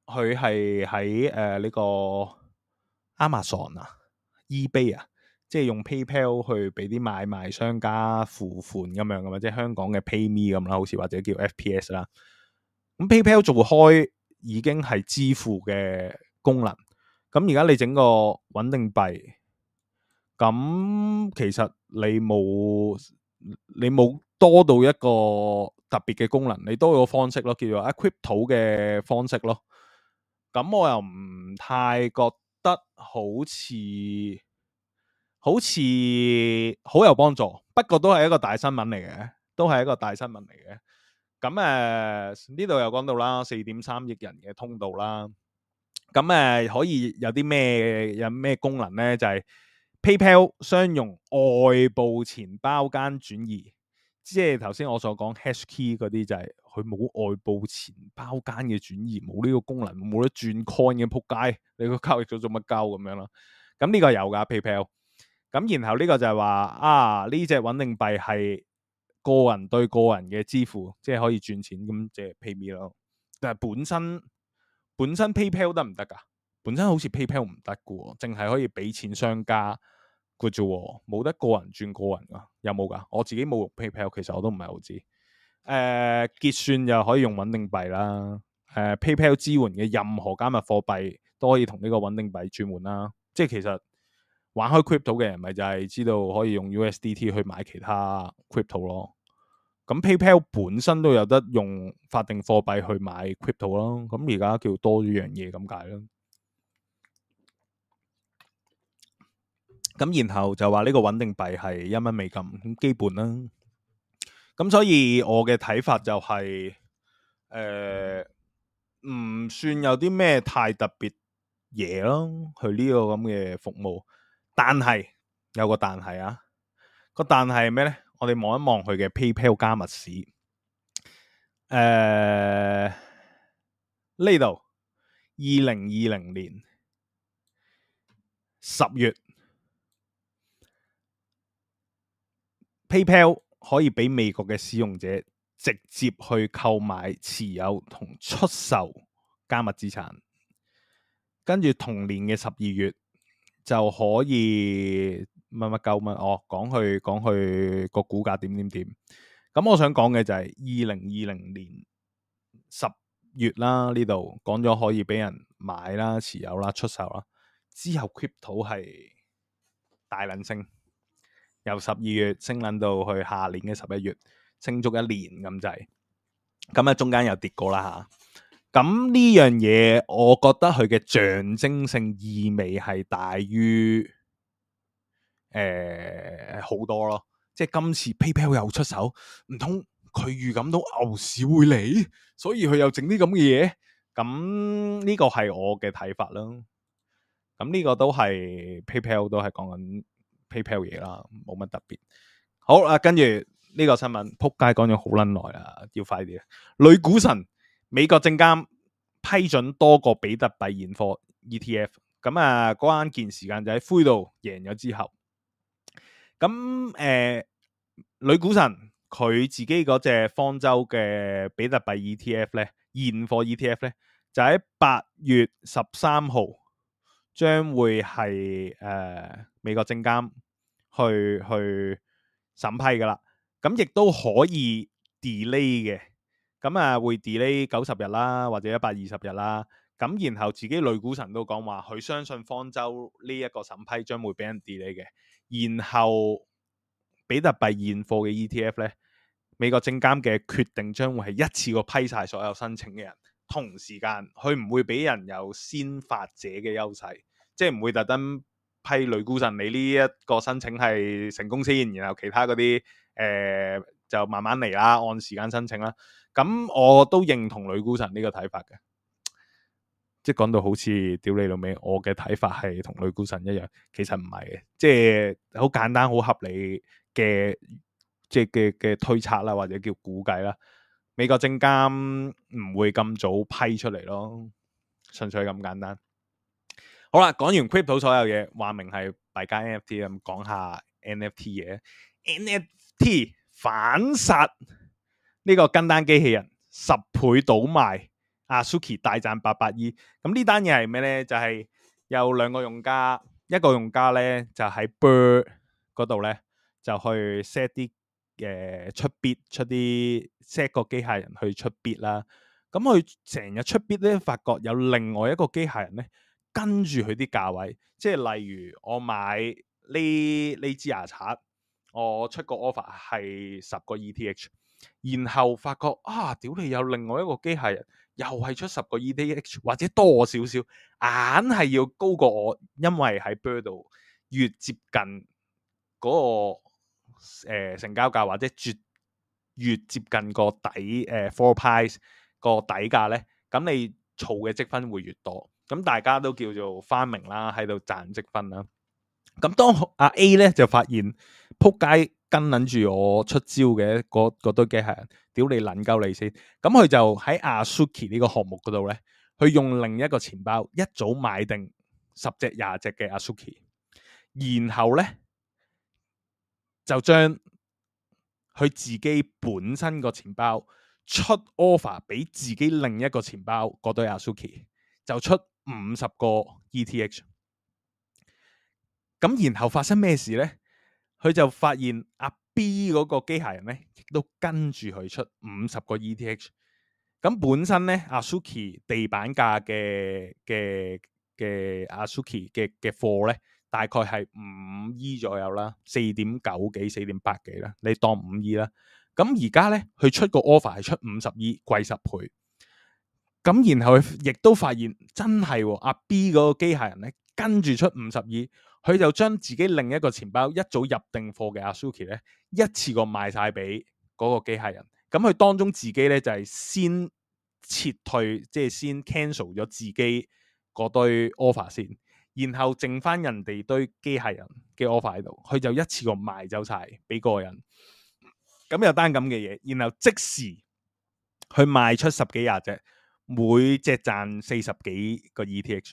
S1: 佢係喺誒呢個 Amazon 啊、eBay 啊，即係用 PayPal 去俾啲買賣商家付款咁樣噶嘛，即係香港嘅 PayMe 咁啦，好似或者叫 FPS 啦，咁 PayPal 做開。已經係支付嘅功能，咁而家你整個穩定幣，咁其實你冇你冇多到一個特別嘅功能，你多咗個方式咯，叫做 Equiptool 嘅方式咯。咁我又唔太覺得好似好似好有幫助，不過都係一個大新聞嚟嘅，都係一個大新聞嚟嘅。咁誒呢度又講到啦，四點三億人嘅通道啦。咁誒、呃、可以有啲咩有咩功能咧？就係、是、PayPal 商用外部錢包間轉移，即係頭先我所講 hash key 嗰啲，就係佢冇外部錢包間嘅轉移，冇呢個功能，冇得轉 coin 嘅仆街，你個交易咗做乜鳩咁樣咯？咁呢個有噶 PayPal。咁 Pay 然後呢個就係話啊，呢、這、隻、個、穩定幣係個人對個人嘅支付，即係可以轉錢咁，即係 PayMe 咯。但係本身本身 PayPal 得唔得噶？本身好似 PayPal 唔得嘅，淨係可以俾錢商家嘅啫，冇得個人轉個人噶。有冇噶？我自己冇用 PayPal，其實我都唔係好知。誒、呃，結算又可以用穩定幣啦。誒、呃，PayPal 支援嘅任何加密貨幣都可以同呢個穩定幣轉換啦。即係其實玩開 Crypto 嘅人，咪就係知道可以用 USDT 去買其他 Crypto 咯。咁 PayPal 本身都有得用法定貨幣去買 crypto 啦，咁而家叫多咗樣嘢咁解啦。咁然後就話呢個穩定幣係一蚊美金咁基本啦。咁所以我嘅睇法就係、是，誒、呃、唔算有啲咩太特別嘢咯，佢呢個咁嘅服務。但係有個但係啊，個但係咩咧？我哋望一望佢嘅 PayPal 加密史。誒，呢度二零二零年十月，PayPal 可以俾美國嘅使用者直接去購買、持有同出售加密資產。跟住同年嘅十二月就可以。乜乜鳩乜哦，講去講去，講去個股價點點點，咁、嗯、我想講嘅就係二零二零年十月啦，呢度講咗可以俾人買啦、持有啦、出售啦，之後 crypto 係大撚升，由十二月升撚到去下年嘅十一月，升足一年咁滯，咁啊中間又跌過啦吓，咁呢樣嘢我覺得佢嘅象徵性意味係大於。誒，好、呃、多咯，即係今次 PayPal 又出手，唔通佢預感到牛市會嚟，所以佢又整啲咁嘅嘢，咁、嗯、呢、這個係我嘅睇法啦。咁、嗯、呢、這個都係 PayPal 都係講緊 PayPal 嘢啦，冇乜特別。好啦、啊，跟住呢、這個新聞，撲街講咗好撚耐啦，要快啲啊！女股神美國證監批准多個比特幣現貨 ETF，咁、嗯、啊關鍵時間就喺灰度贏咗之後。咁誒，女、呃、股神佢自己嗰隻方舟嘅比特幣 ETF 咧，現貨 ETF 咧，就喺八月十三號將會係誒、呃、美國證監去去審批㗎喇。咁亦都可以 delay 嘅，咁啊會 delay 九十日啦，或者一百二十日啦。咁然後自己女股神都講話，佢相信方舟呢一個審批將會俾人 delay 嘅。然後比特幣現貨嘅 ETF 咧，美國證監嘅決定將會係一次過批晒所有申請嘅人，同時間佢唔會俾人有先發者嘅優勢，即係唔會特登批女股神，你呢一個申請係成功先，然後其他嗰啲誒就慢慢嚟啦，按時間申請啦。咁我都認同女股神呢個睇法嘅。即係講到好似屌你老味，我嘅睇法係同女股神一樣，其實唔係嘅，即係好簡單、好合理嘅，即係嘅嘅推測啦，或者叫估計啦。美國證監唔會咁早批出嚟咯，純粹咁簡單。好啦，講完 crypto 所有嘢，話明係幣加 NFT 咁，講下 NFT 嘢。NFT 反殺呢個跟單機器人十倍倒賣。阿 Suki 大賺八百億，咁呢單嘢係咩咧？就係、是、有兩個用家，一個用家咧就喺 Blur 嗰度咧，就去 set 啲誒出 bid，出啲 set 個機械人去出 bid 啦。咁佢成日出 bid 咧，發覺有另外一個機械人咧跟住佢啲價位，即係例如我買呢呢支牙刷，我出個 offer 係十個 ETH，然後發覺啊，屌你有另外一個機械人。又係出十個 ETH 或者多少少，硬係要高過我，因為喺 bird 度越接近嗰、那個誒、呃、成交價或者絕越接近個底誒 floor、呃、price 個底價咧，咁你儲嘅積分會越多。咁大家都叫做翻明啦，喺度賺積分啦。咁當阿 A 咧就發現扑街。跟捻住我出招嘅嗰堆機械人，屌你捻鳩你先！咁佢就喺 Azuki 呢個項目嗰度咧，佢用另一個錢包一早買定十隻廿隻嘅 Azuki，然後咧就將佢自己本身個錢包出 offer 俾自己另一個錢包嗰堆 Azuki，就出五十個 ETH。咁然後發生咩事咧？佢就發現阿 B 嗰個機械人咧，亦都跟住佢出五十個 ETH。咁本身咧，阿 Suki 地板價嘅嘅嘅阿 Suki 嘅嘅貨咧，大概係五億左右啦，四點九幾、四點八幾啦，你當五億、e、啦。咁而家咧，佢出個 offer 係出五十億，貴十倍。咁然後佢亦都發現真係、哦、阿 B 嗰個機械人咧，跟住出五十億。佢就將自己另一個錢包一早入定貨嘅 Azuki 咧，一次過賣晒俾嗰個機械人。咁佢當中自己咧就係先撤退，即係先 cancel 咗自己嗰堆 offer 先，然後剩翻人哋堆機械人嘅 offer 喺度，佢就一次過賣走晒俾嗰個人。咁有單咁嘅嘢，然後即時去賣出十幾廿隻，每隻賺四十幾個 ETH。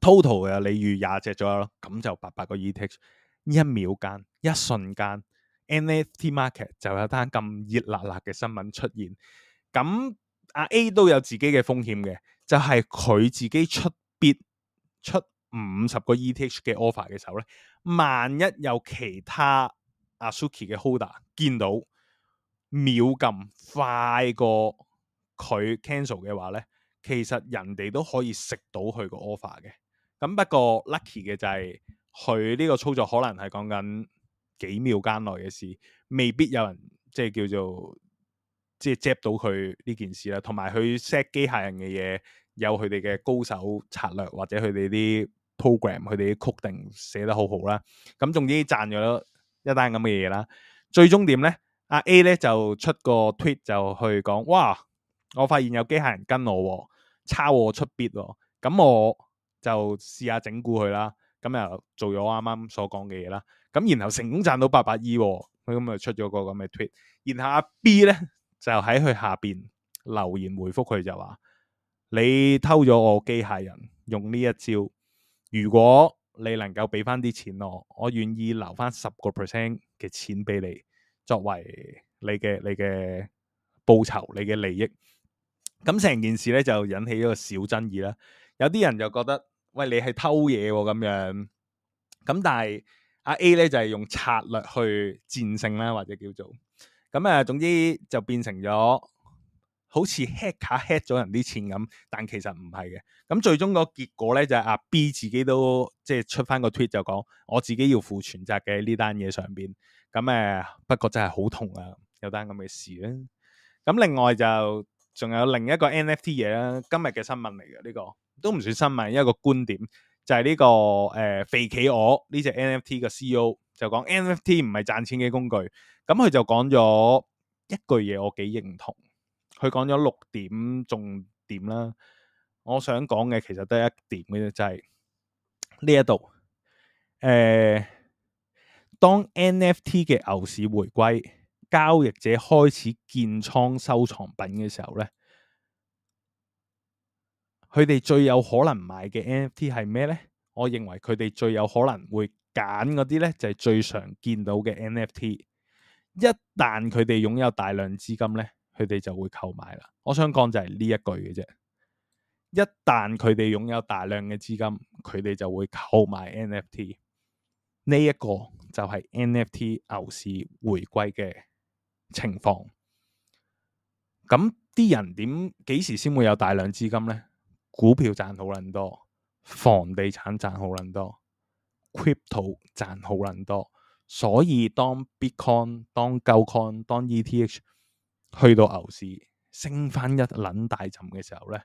S1: total 嘅你預廿隻咗咯，咁就八百個 ETH 一秒間、一瞬間 NFT market 就有單咁熱辣辣嘅新聞出現。咁阿 A 都有自己嘅風險嘅，就係、是、佢自己出別出五十個 ETH 嘅 offer 嘅時候咧，萬一有其他阿 Suki 嘅 Holder 見到秒咁快過佢 cancel 嘅話咧，其實人哋都可以食到佢個 offer 嘅。咁不過 lucky 嘅就係佢呢個操作可能係講緊幾秒間內嘅事，未必有人即係叫做即係 jap 到佢呢件事啦。同埋佢 set 機械人嘅嘢，有佢哋嘅高手策略，或者佢哋啲 program，佢哋啲 code 定寫得好好啦。咁總之賺咗一單咁嘅嘢啦。最終點咧？阿 A 咧就出個 tweet 就去講：，哇！我發現有機械人跟我、哦、抄我出 bid 喎、哦，咁我。就試下整蠱佢啦，咁又做咗啱啱所講嘅嘢啦，咁然後成功賺到八百億，咁就出咗個咁嘅 tweet。然後阿 B 咧就喺佢下邊留言回復佢就話：你偷咗我機械人，用呢一招，如果你能夠俾翻啲錢我，我願意留翻十個 percent 嘅錢俾你，作為你嘅你嘅報酬，你嘅利益。咁成件事咧就引起咗個小爭議啦。有啲人就覺得，喂，你係偷嘢咁、哦、樣，咁但係阿、啊、A 咧就係、是、用策略去戰勝啦，或者叫做咁啊、嗯，總之就變成咗好似 hack hack 咗人啲錢咁，但其實唔係嘅。咁、嗯、最終個結果咧就係、是、阿、啊、B 自己都即係出翻個 tweet 就講，我自己要負全責嘅呢單嘢上邊。咁、嗯、誒，不過真係好痛啊，有單咁嘅事咧、啊。咁、嗯、另外就仲有另一個 NFT 嘢啦，今日嘅新聞嚟嘅呢個。都唔算新聞，一個觀點就係、是、呢、這個誒、呃、肥企鵝呢隻 NFT 嘅 CEO 就講 NFT 唔係賺錢嘅工具，咁佢就講咗一句嘢，我幾認同。佢講咗六點重點啦，我想講嘅其實得一點嘅啫，就係呢一度誒，當 NFT 嘅牛市回歸，交易者開始建倉收藏品嘅時候咧。佢哋最有可能買嘅 NFT 係咩呢？我認為佢哋最有可能會揀嗰啲呢，就係最常見到嘅 NFT。一旦佢哋擁有大量資金呢，佢哋就會購買啦。我想講就係呢一句嘅啫。一旦佢哋擁有大量嘅資金，佢哋就會購買 NFT。呢一個就係 NFT 牛市回歸嘅情況。咁啲人點幾時先會有大量資金呢？股票賺好撚多，房地產賺好撚多，crypto 賺好撚多，所以當 Bitcoin、當 GoCon、當 ETH 去到牛市升翻一撚大陣嘅時候咧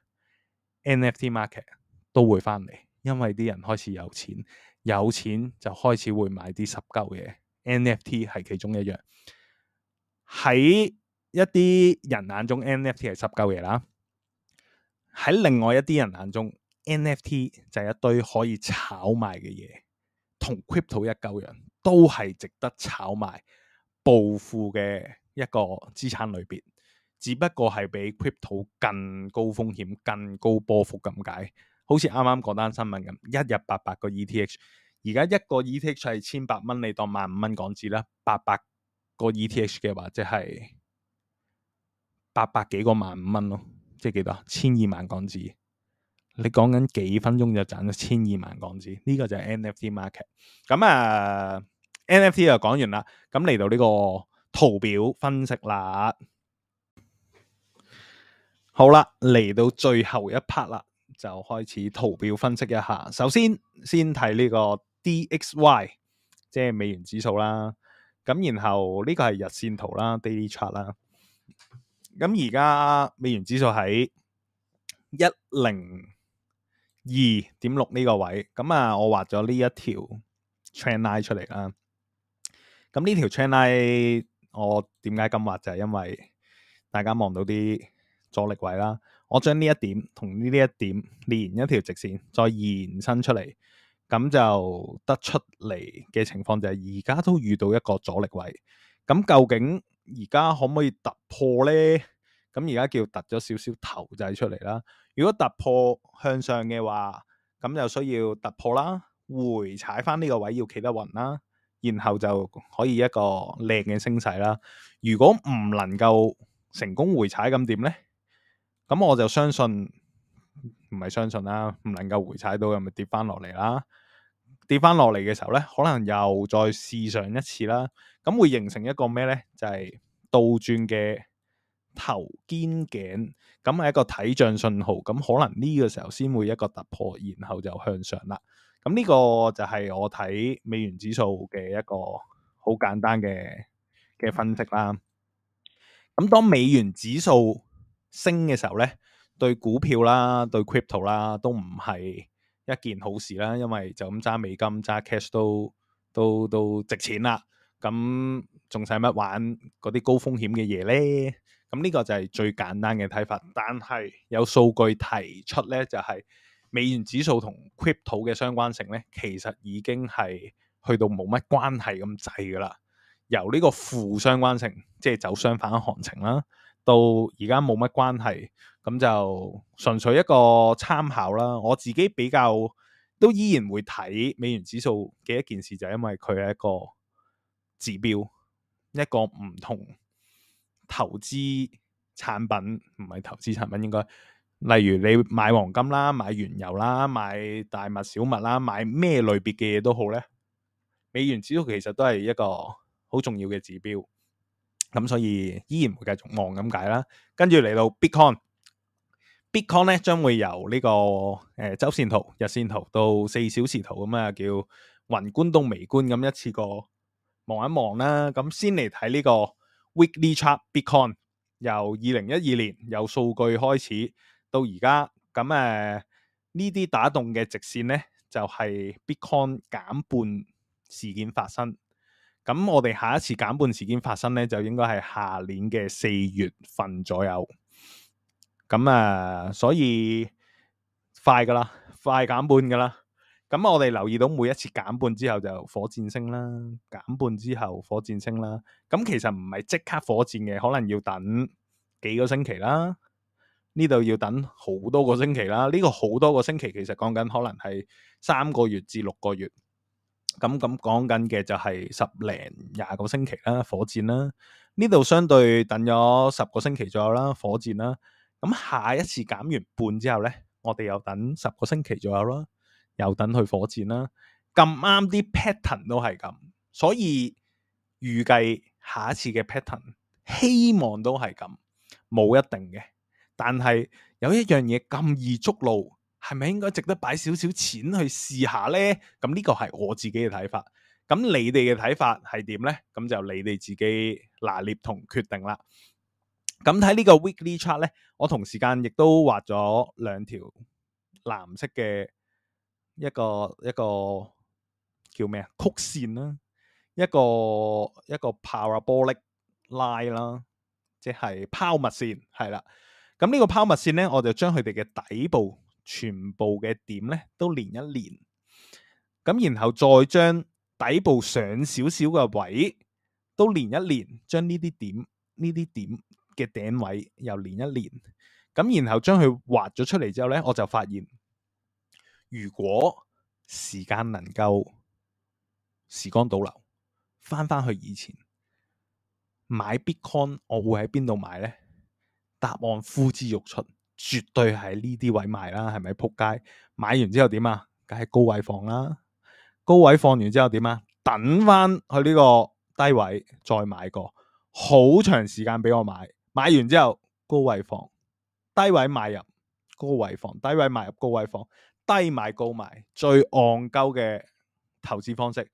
S1: ，NFT market 都會翻嚟，因為啲人開始有錢，有錢就開始會買啲十嚿嘢，NFT 係其中一樣。喺一啲人眼中，NFT 係十嚿嘢啦。喺另外一啲人眼中，NFT 就係一堆可以炒賣嘅嘢，同 crypto 一鳩樣，都係值得炒賣、暴富嘅一個資產類別。只不過係比 crypto 更高風險、更高波幅咁解。好似啱啱嗰單新聞咁，一日八百個 ETH，而家一個 ETH 係千八蚊，你當萬五蚊港紙啦，八百個 ETH 嘅話即係八百幾個萬五蚊咯。即係幾多？千二萬港紙，你講緊幾分鐘就賺咗千二萬港紙？呢個就係 NFT market。咁啊，NFT 就講完啦。咁嚟到呢個圖表分析啦。好啦，嚟到最後一 part 啦，就開始圖表分析一下。首先，先睇呢個 DXY，即係美元指數啦。咁然後呢個係日線圖啦，daily chart 啦。咁而家美元指數喺一零二點六呢個位，咁啊，我畫咗呢一條 trend line 出嚟啦。咁呢條 trend line 我點解咁畫就係、是、因為大家望到啲阻力位啦。我將呢一點同呢呢一點連一條直線，再延伸出嚟，咁就得出嚟嘅情況就係而家都遇到一個阻力位。咁究竟，而家可唔可以突破呢？咁而家叫突咗少少頭仔出嚟啦。如果突破向上嘅話，咁就需要突破啦。回踩翻呢個位要企得穩啦，然後就可以一個靚嘅升勢啦。如果唔能夠成功回踩，咁點呢？咁我就相信，唔係相信啦，唔能夠回踩到，咁咪跌翻落嚟啦。跌翻落嚟嘅時候咧，可能又再試上一次啦，咁會形成一個咩咧？就係倒轉嘅頭肩頸，咁係一個睇漲信號，咁可能呢個時候先會一個突破，然後就向上啦。咁呢個就係我睇美元指數嘅一個好簡單嘅嘅分析啦。咁當美元指數升嘅時候咧，對股票啦、對 crypto 啦，都唔係。一件好事啦，因為就咁揸美金、揸 cash 都都都值錢啦，咁仲使乜玩嗰啲高風險嘅嘢呢？咁、嗯、呢、呢個就係最簡單嘅睇法。但係有數據提出呢，就係、係、美元指數同 crypto 嘅相關性呢，其實已經係去到冇乜關係咁滯噶啦。由呢個負相關性，即係走相反行情啦。到而家冇乜關係，咁就純粹一個參考啦。我自己比較都依然會睇美元指數嘅一件事，就係因為佢係一個指標，一個唔同投資產品唔係投資產品，應該例如你買黃金啦、買原油啦、買大物小物啦、買咩類別嘅嘢都好咧。美元指數其實都係一個好重要嘅指標。咁所以依然會繼續望咁解啦，跟住嚟到 Bitcoin，Bitcoin 咧，將會由呢個誒週線圖、日線圖到四小時圖咁啊，叫宏觀到微觀咁一次過望一望啦。咁先嚟睇呢個 Weekly Chart Bitcoin 由二零一二年由數據開始到而家，咁誒呢啲打戙嘅直線咧就係 Bitcoin 減半事件發生。咁我哋下一次減半事件發生咧，就應該係下年嘅四月份左右。咁啊，所以快噶啦，快減半噶啦。咁我哋留意到每一次減半之後就火箭升啦，減半之後火箭升啦。咁其實唔係即刻火箭嘅，可能要等幾個星期啦。呢度要等好多個星期啦。呢個好多個星期，其實講緊可能係三個月至六個月。咁咁講緊嘅就係十零廿個星期啦，火箭啦，呢度相對等咗十個星期左右啦，火箭啦。咁下一次減完半之後呢，我哋又等十個星期左右啦，又等去火箭啦。咁啱啲 pattern 都係咁，所以預計下一次嘅 pattern 希望都係咁，冇一定嘅。但係有一樣嘢咁易捉路。係咪應該值得擺少少錢去試下咧？咁呢個係我自己嘅睇法。咁你哋嘅睇法係點咧？咁就你哋自己拿捏同決定啦。咁睇呢個 weekly chart 咧，我同時間亦都畫咗兩條藍色嘅一個一個叫咩啊曲線啦，一個一個，啊、個，個 parabolic line 啦、啊，即係拋物線係啦。咁呢個拋物線咧，我就將佢哋嘅底部。全部嘅點咧都連一連，咁然後再將底部上少少嘅位都連一連，將呢啲點呢啲點嘅頂位又連一連，咁然後將佢畫咗出嚟之後呢，我就發現如果時間能夠時光倒流，翻返去以前買 Bitcoin，我會喺邊度買呢？答案呼之欲出。絕對係呢啲位賣啦，係咪撲街？買完之後點啊？梗係高位放啦，高位放完之後點啊？等翻去呢個低位再買過，好長時間俾我買。買完之後高位放，低位買入，高位放，低位買入，高位放，低買高賣，最戇鳩嘅投資方式，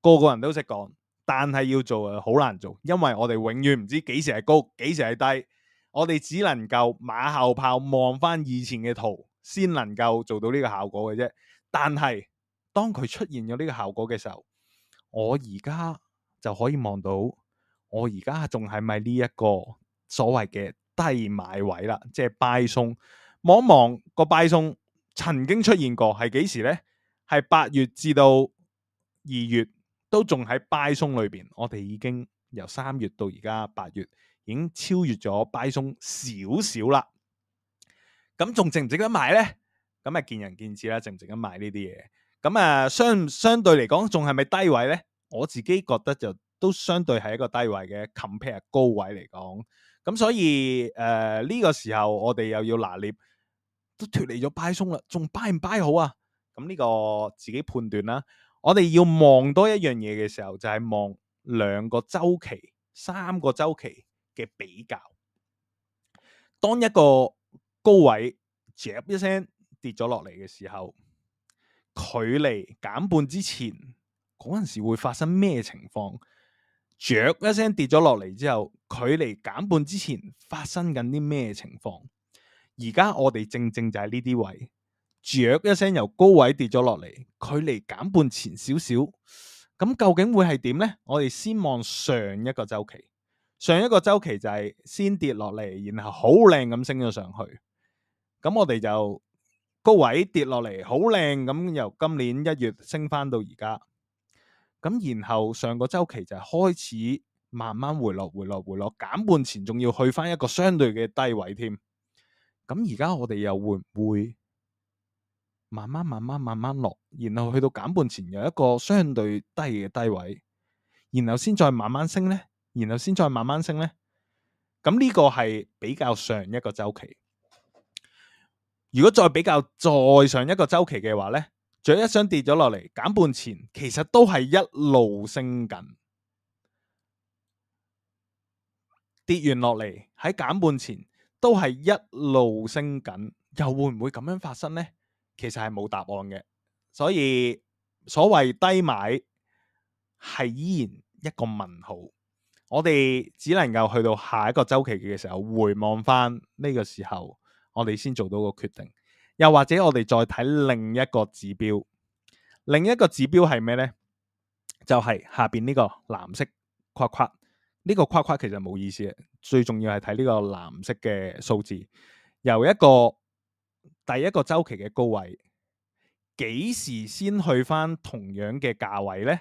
S1: 個個人都識講，但係要做誒好難做，因為我哋永遠唔知幾時係高，幾時係低。我哋只能夠馬後炮望翻以前嘅圖，先能夠做到呢個效果嘅啫。但係當佢出現咗呢個效果嘅時候，我而家就可以望到，我而家仲係咪呢一個所謂嘅低買位啦？即係拜送，望一望個拜送曾經出現過係幾時呢？係八月至到二月都仲喺拜送裏邊。我哋已經由三月到而家八月。已經超越咗 Buy 松少少啦，咁仲值唔值得買呢？咁啊見仁見智啦，值唔值得買呢啲嘢？咁啊相相對嚟講，仲係咪低位呢？我自己覺得就都相對係一個低位嘅 compare 高位嚟講，咁所以誒呢、呃這個時候我哋又要拿捏都脫離咗 Buy 松啦，仲 Buy 唔 Buy 好啊？咁呢個自己判斷啦。我哋要望多一樣嘢嘅時候，就係、是、望兩個週期、三個週期。嘅比較，當一個高位嚼一聲跌咗落嚟嘅時候，距離減半之前嗰陣時會發生咩情況？嚼一聲跌咗落嚟之後，距離減半之前發生緊啲咩情況？而家我哋正正就係呢啲位嚼一聲由高位跌咗落嚟，距離減半前少少，咁究竟會係點呢？我哋先望上一個周期。上一個周期就係先跌落嚟，然後好靚咁升咗上去。咁我哋就高位跌落嚟，好靚咁由今年一月升翻到而家。咁然後上個周期就係開始慢慢回落、回落、回落，減半前仲要去翻一個相對嘅低位添。咁而家我哋又會唔會慢慢、慢慢、慢慢落，然後去到減半前有一個相對低嘅低位，然後先再，再慢慢升呢？然後先再慢慢升呢？咁、這、呢個係比較上一個周期。如果再比較再上一個周期嘅話呢，仲一箱跌咗落嚟，減半前其實都係一路升緊，跌完落嚟喺減半前都係一路升緊，又會唔會咁樣發生呢？其實係冇答案嘅，所以所謂低買係依然一個問號。我哋只能夠去到下一個周期嘅時候，回望翻呢個時候，我哋先做到個決定。又或者我哋再睇另一個指標，另一個指標係咩呢？就係下邊呢個藍色框框，呢個框框其實冇意思，最重要係睇呢個藍色嘅數字，由一個第一個周期嘅高位，幾時先去翻同樣嘅價位呢？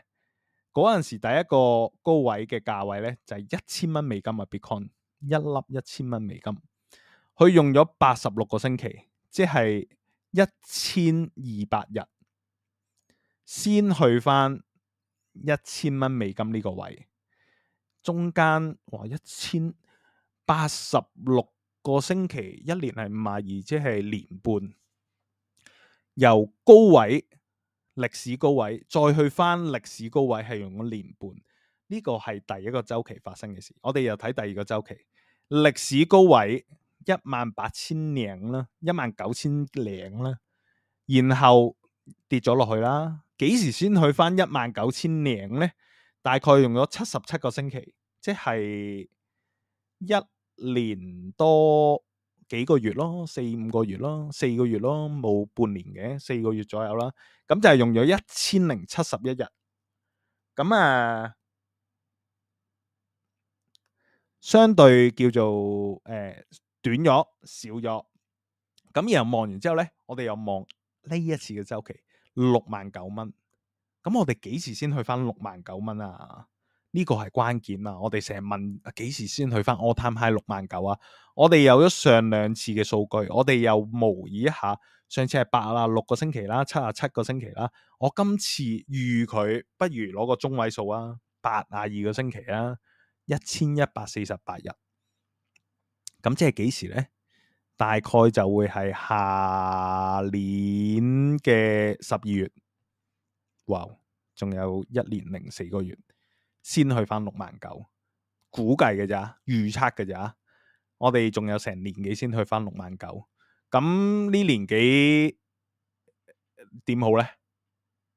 S1: 嗰陣時第一個高位嘅價位呢，就係一千蚊美金啊！Bitcoin 一粒一千蚊美金，佢用咗八十六個星期，即係一千二百日，先去返一千蚊美金呢個位。中間話一千八十六個星期，一年係五十二，即係年半，由高位。歷史高位再去翻歷史高位係用咗年半，呢個係第一個周期發生嘅事。我哋又睇第二個周期，歷史高位一萬八千零啦，一萬九千零啦，然後跌咗落去啦。幾時先去翻一萬九千零呢？大概用咗七十七個星期，即係一年多。幾個月咯，四五個月咯，四個月咯，冇半年嘅，四個月左右啦。咁就係用咗一千零七十一日。咁啊，相對叫做誒、呃、短咗，少咗。咁然後望完之後呢，我哋又望呢一次嘅週期六萬九蚊。咁我哋幾時先去返六萬九蚊啊？呢個係關鍵啊！我哋成日問幾時先去返 All Time High 六萬九啊！我哋有咗上兩次嘅數據，我哋又模擬一下，上次係八啊六個星期啦，七啊七個星期啦。我今次預佢，不如攞個中位數啊，八啊二個星期啦，一千一百四十八日。咁即係幾時呢？大概就會係下年嘅十二月。哇，仲有一年零四個月。先去返六萬九，估計嘅咋，預測嘅咋，我哋仲有成年幾先去返六萬九，咁呢年幾點好呢？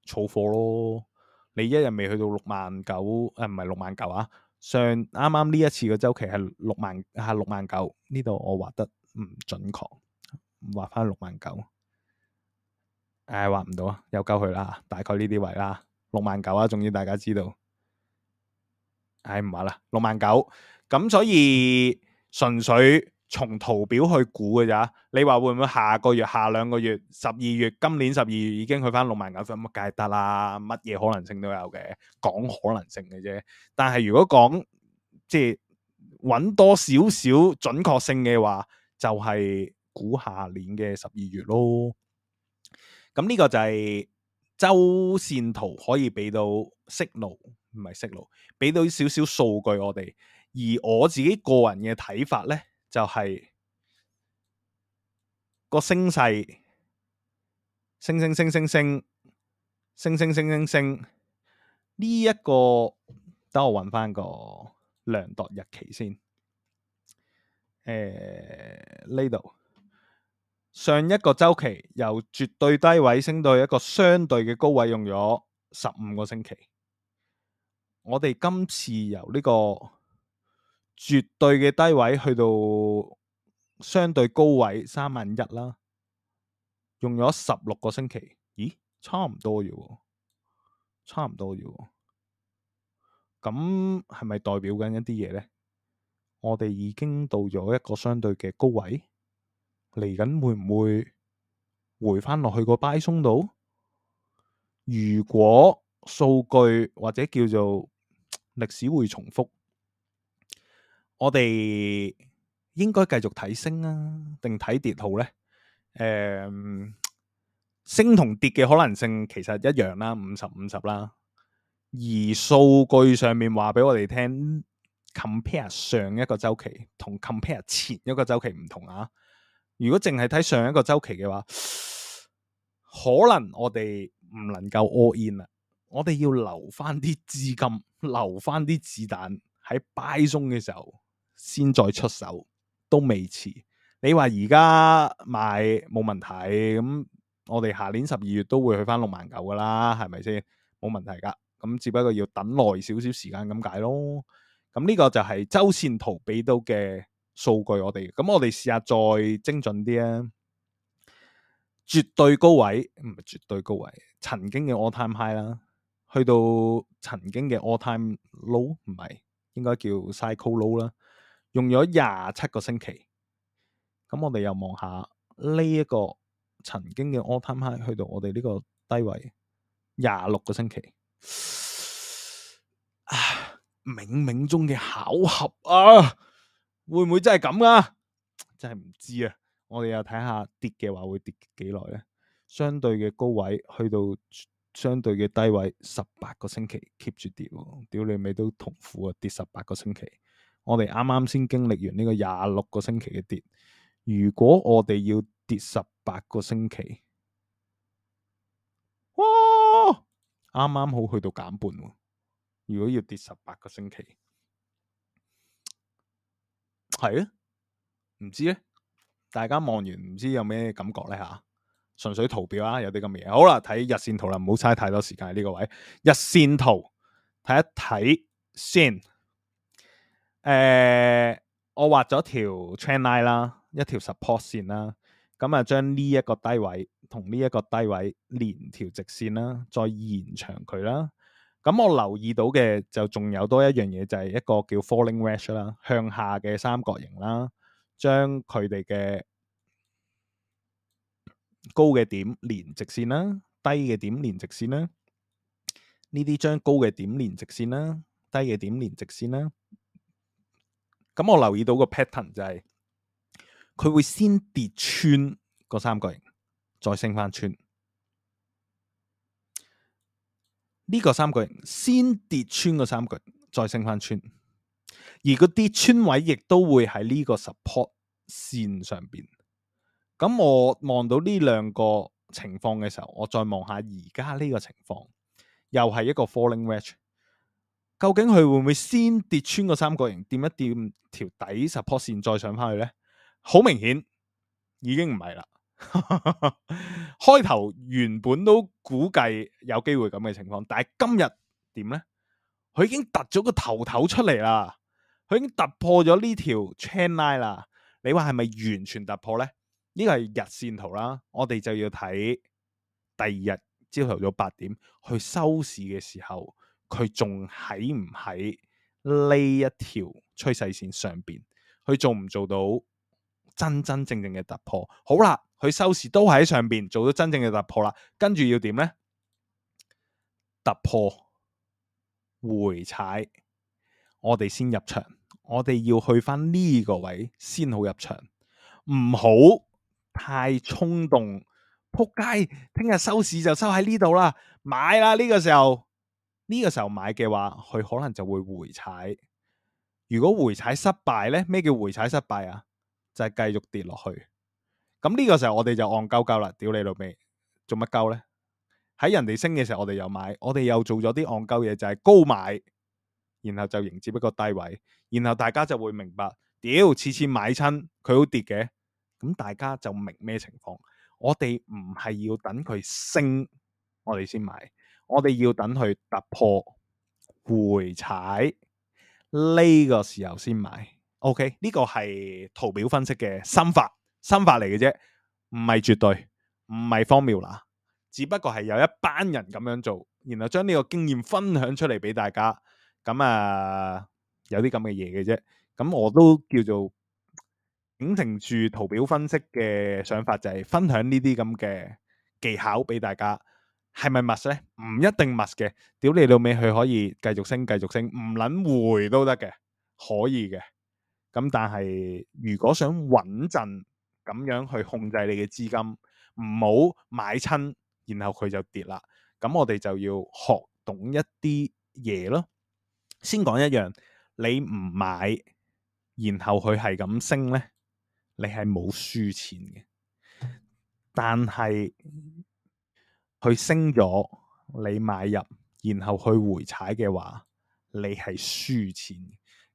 S1: 儲貨咯，你一日未去到六萬九，誒唔係六萬九啊，上啱啱呢一次嘅周期係六萬係六萬九，呢度我畫得唔準確，畫返六萬九，誒畫唔到啊，又夠去啦，大概呢啲位啦，六萬九啊，仲要大家知道。係唔話啦，六萬九咁，69，所以純粹從圖表去估嘅咋。你話會唔會下個月，下兩個月，十二月，今年十二月已經去翻六萬九分？乜嘅得啦？乜嘢可能性都有嘅，講可能性嘅啫。但係如果講即係搵多少少準確性嘅話，就係、是、估下年嘅十二月咯。咁呢個就係周線圖可以俾到 signal 唔係識路，俾到少少數據我哋。而我自己個人嘅睇法呢，就係、是、個升勢升升升升升升升升升升，呢一、這個等我揾翻個量度日期先。誒呢度上一個週期由絕對低位升到一個相對嘅高位，用咗十五個星期。我哋今次由呢個絕對嘅低位去到相對高位三萬一啦，用咗十六個星期，咦？差唔多嘅喎，差唔多嘅喎。咁係咪代表緊一啲嘢咧？我哋已經到咗一個相對嘅高位，嚟緊會唔會回翻落去個 buy 松度？如果數據或者叫做……歷史會重複，我哋應該繼續睇升啊，定睇跌好呢？誒、嗯，升同跌嘅可能性其實一樣啦，五十五十啦。而數據上面話俾我哋聽，compare 上一個周期同 compare 前一個周期唔同啊。如果淨係睇上一個周期嘅話，可能我哋唔能夠 all in 啦。我哋要留翻啲資金，留翻啲子彈喺擺鬆嘅時候，先再出手都未遲。你話而家買冇問題，咁我哋下年十二月都會去翻六萬九噶啦，係咪先？冇問題噶，咁只不過要等耐少少時間咁解咯。咁呢個就係周線圖俾到嘅數據我，我哋咁我哋試下再精準啲啊！絕對高位唔係絕對高位，曾經嘅 all time high 啦。去到曾經嘅 all time low，唔係，應該叫 cycle low 啦，用咗廿七個星期。咁我哋又望下呢一個曾經嘅 all time high，去到我哋呢個低位廿六個星期。冥冥中嘅巧合啊，會唔會真係咁啊？真係唔知啊！我哋又睇下跌嘅話，會跌幾耐咧？相對嘅高位去到，相對嘅低位十八個星期 keep 住跌。屌你咪都痛苦啊，跌十八個星期，我哋啱啱先經歷完呢個廿六個星期嘅跌，如果我哋要跌十八個星期，哇，啱啱好去到減半，如果要跌十八個星期，係啊，唔知咧，大家望完唔知有咩感覺咧吓？純粹圖表啊，有啲咁嘅嘢。好啦，睇日線圖啦，唔好嘥太多時間呢、這個位。日線圖睇一睇先。誒、呃，我畫咗條 trend line 啦，一條，條 support 線啦。咁啊，將呢一個低位同呢一個低位連條直線啦，再延長佢啦。咁我留意到嘅就仲有多一樣嘢，就係、是、一個叫 falling wedge 啦，向下嘅三角形啦，將佢哋嘅。高嘅點連直線啦，低嘅點連直線啦，呢啲將高嘅點連直線啦，低嘅點連直線啦。咁我留意到個 pattern 就係、是，佢會先跌穿個三角形，再升翻穿。呢、這個三角形先跌穿個三角，再升翻穿。而個跌穿位亦都會喺呢個 support 線上邊。咁我望到呢兩個情況嘅時候，我再望下而家呢個情況，又係一個 falling wedge。究竟佢會唔會先跌穿個三角形，掂一掂條底 support 線再上翻去呢？好明顯已經唔係啦。 [LAUGHS] 開頭原本都估計有機會咁嘅情況，但係今日點呢？佢已經突咗個頭頭出嚟啦，佢已經突破咗呢條 channel 啦。你話係咪完全突破呢？呢個係日線圖啦，我哋就要睇第二日朝頭早八點去收市嘅時候，佢仲喺唔喺呢一條趨勢線上邊？佢做唔做到真真正正嘅突破？好啦，佢收市都喺上邊，做到真正嘅突破啦。跟住要點呢？突破回踩，我哋先入場，我哋要去翻呢個位先好入場，唔好。太衝動，扑街！聽日收市就收喺呢度啦，買啦呢個時候，呢個時候買嘅話，佢可能就會回踩。如果回踩失敗呢，咩叫回踩失敗啊？就係繼續跌落去。咁呢個時候我哋就戇鳩鳩啦，屌 [LAUGHS] 你老味，做乜鳩呢？喺人哋升嘅時候，我哋又買，我哋又做咗啲戇鳩嘢，就係高買，然後就迎接一個低位，然後大家就會明白，屌，次次買親佢都跌嘅。咁大家就明咩情況？我哋唔係要等佢升，我哋先買。我哋要等佢突破回踩呢個時候先買。OK，呢個係圖表分析嘅心法，心法嚟嘅啫，唔係絕對，唔係荒謬啦。只不過係有一班人咁樣做，然後將呢個經驗分享出嚟俾大家。咁啊，有啲咁嘅嘢嘅啫。咁我都叫做。秉承住圖表分析嘅想法，就係分享呢啲咁嘅技巧俾大家，係咪密呢？唔一定密嘅，屌你老味，佢可以繼續升，繼續升，唔捻回都得嘅，可以嘅。咁但係如果想穩陣咁樣去控制你嘅資金，唔好買親，然後佢就跌啦。咁我哋就要學懂一啲嘢咯。先講一樣，你唔買，然後佢係咁升呢你係冇輸錢嘅，但係佢升咗，你買入然後去回踩嘅話，你係輸錢。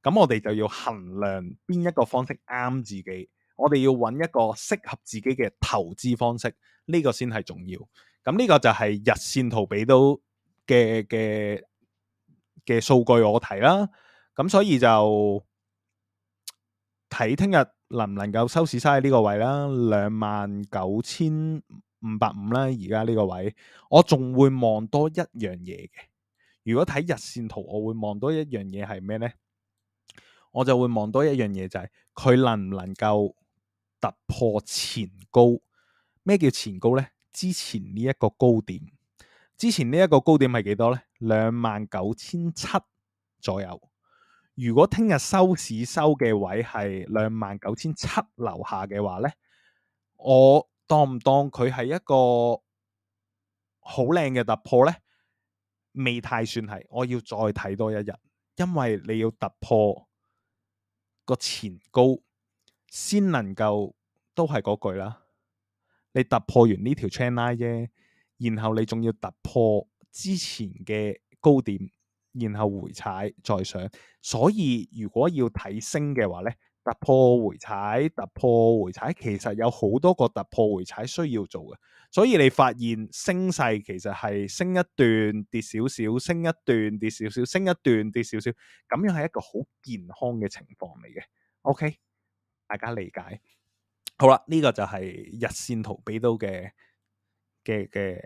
S1: 咁我哋就要衡量邊一個方式啱自己，我哋要揾一個適合自己嘅投資方式，呢個先係重要。咁呢個就係日線圖俾到嘅嘅嘅數據，我睇啦。咁所以就睇聽日。能唔能夠收市晒喺呢個位啦？兩萬九千五百五啦，而家呢個位，我仲會望多一樣嘢嘅。如果睇日線圖，我會望多一樣嘢係咩呢？我就會望多一樣嘢就係、是、佢能唔能夠突破前高？咩叫前高呢？之前呢一個高點，之前呢一個高點係幾多呢？兩萬九千七左右。如果聽日收市收嘅位係兩萬九千七樓下嘅話呢，我當唔當佢係一個好靚嘅突破呢？未太算係，我要再睇多一日，因為你要突破個前高先能夠，都係嗰句啦。你突破完呢條 channel 喇啫，然後你仲要突破之前嘅高點。然後回踩再上，所以如果要睇升嘅話咧，突破回踩，突破回踩，其實有好多個突破回踩需要做嘅。所以你發現升勢其實係升一段跌少少，升一段跌少少，升一段跌少少，咁樣係一個好健康嘅情況嚟嘅。OK，大家理解。好啦，呢、這個就係日線圖俾到嘅嘅嘅。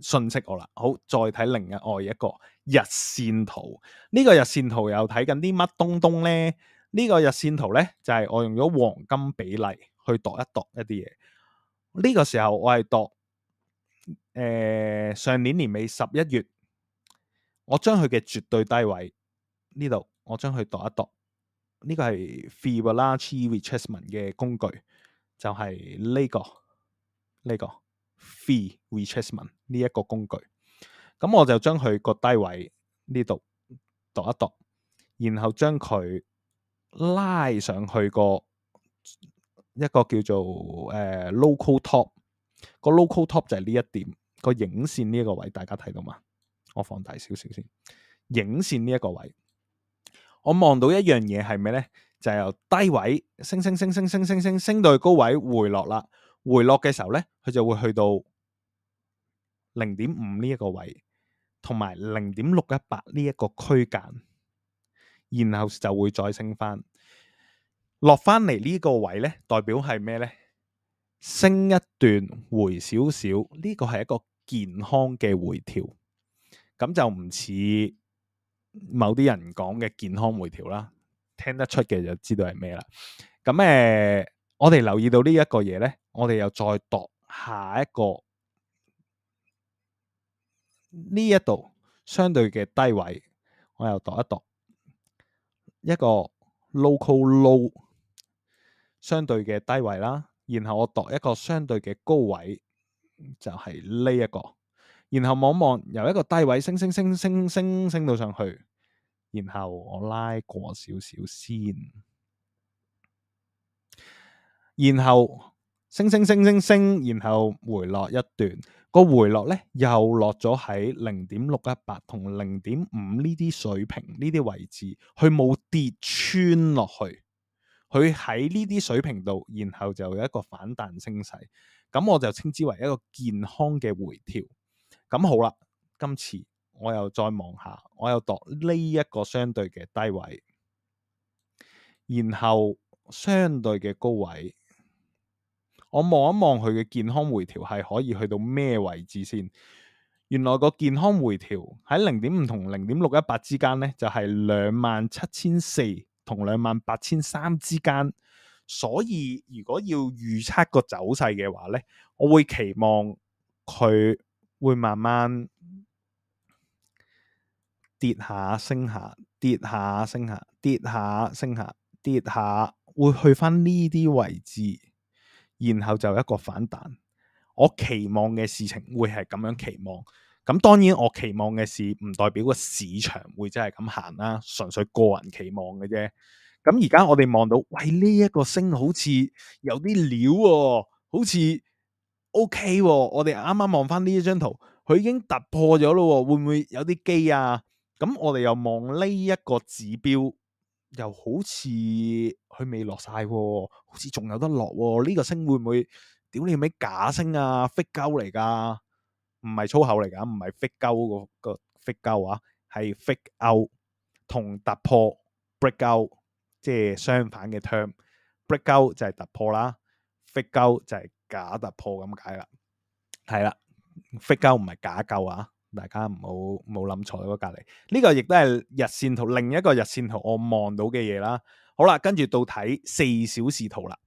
S1: 信息我啦，好，再睇另一外一個日線圖。呢個日線圖又睇緊啲乜東東呢？呢個日線圖呢，就係我用咗黃金比例去度一度一啲嘢。呢個時候我係度誒上年年尾十一月，我將佢嘅絕對低位呢度，我將佢度一度。呢個係 Fibonacci retracement 嘅工具，就係呢個呢個。這個 Free Retracement 呢一個工具，咁我就將佢個低位呢度度一度，然後將佢拉上去個一個叫做誒、呃、local top 個 local top 就係呢一點個影線呢一個位，大家睇到嘛？我放大少少先，影線呢一個位，我望到一樣嘢係咩咧？就係，由低位升升升升升升升升，升，升，升到去高位回落啦。回落嘅時候呢，佢就會去到零點五呢一個位，同埋零點六一八呢一個區間，然後就會再升翻。落翻嚟呢個位呢，代表係咩呢？升一段回少少，呢、這個係一個健康嘅回調。咁就唔似某啲人講嘅健康回調啦。聽得出嘅就知道係咩啦。咁誒、呃，我哋留意到呢一個嘢呢。我哋又再度下一個呢一度相對嘅低位，我又度一度一個 local low 相對嘅低位啦，然後我度一個相對嘅高位，就係、是、呢一個，然後望一望由一個低位升升升，升升升升升升到上去，然後我拉過少少先，然後。升升升升升，然後回落一段，個回落咧又落咗喺零點六一八同零點五呢啲水平呢啲位置，佢冇跌穿落去，佢喺呢啲水平度，然後就有一個反彈升勢，咁我就稱之為一個健康嘅回調。咁好啦，今次我又再望下，我又度呢一個相對嘅低位，然後相對嘅高位。我望一望佢嘅健康回調係可以去到咩位置先？原來個健康回調喺零點五同零點六一八之間呢，就係兩萬七千四同兩萬八千三之間。所以如果要預測個走勢嘅話呢，我會期望佢會慢慢跌下升下，跌下升下，跌下升下，跌下升下，跌下會去翻呢啲位置。然後就一個反彈，我期望嘅事情會係咁樣期望，咁當然我期望嘅事唔代表個市場會真係咁行啦，純粹個人期望嘅啫。咁而家我哋望到，喂呢一個升好似有啲料喎，好似 OK 喎。我哋啱啱望翻呢一張圖，佢已經突破咗咯，會唔會有啲機啊？咁我哋又望呢一個指標。又好似佢未落曬喎，好似仲有得落喎。呢個升會唔會？屌你咪假升啊！fake out 嚟㗎，唔係粗口嚟㗎，唔係 fake out 個 fake out 啊，係 fake out 同突破 break out，即係相反嘅 term。break out 就係突破啦，fake out 就係假突破咁解啦。係啦，fake out 唔係假 out 啊。大家唔好冇諗坐喺嗰隔離呢個，亦都係日線圖另一個日線圖我望到嘅嘢啦。好啦，跟住到睇四小時圖啦。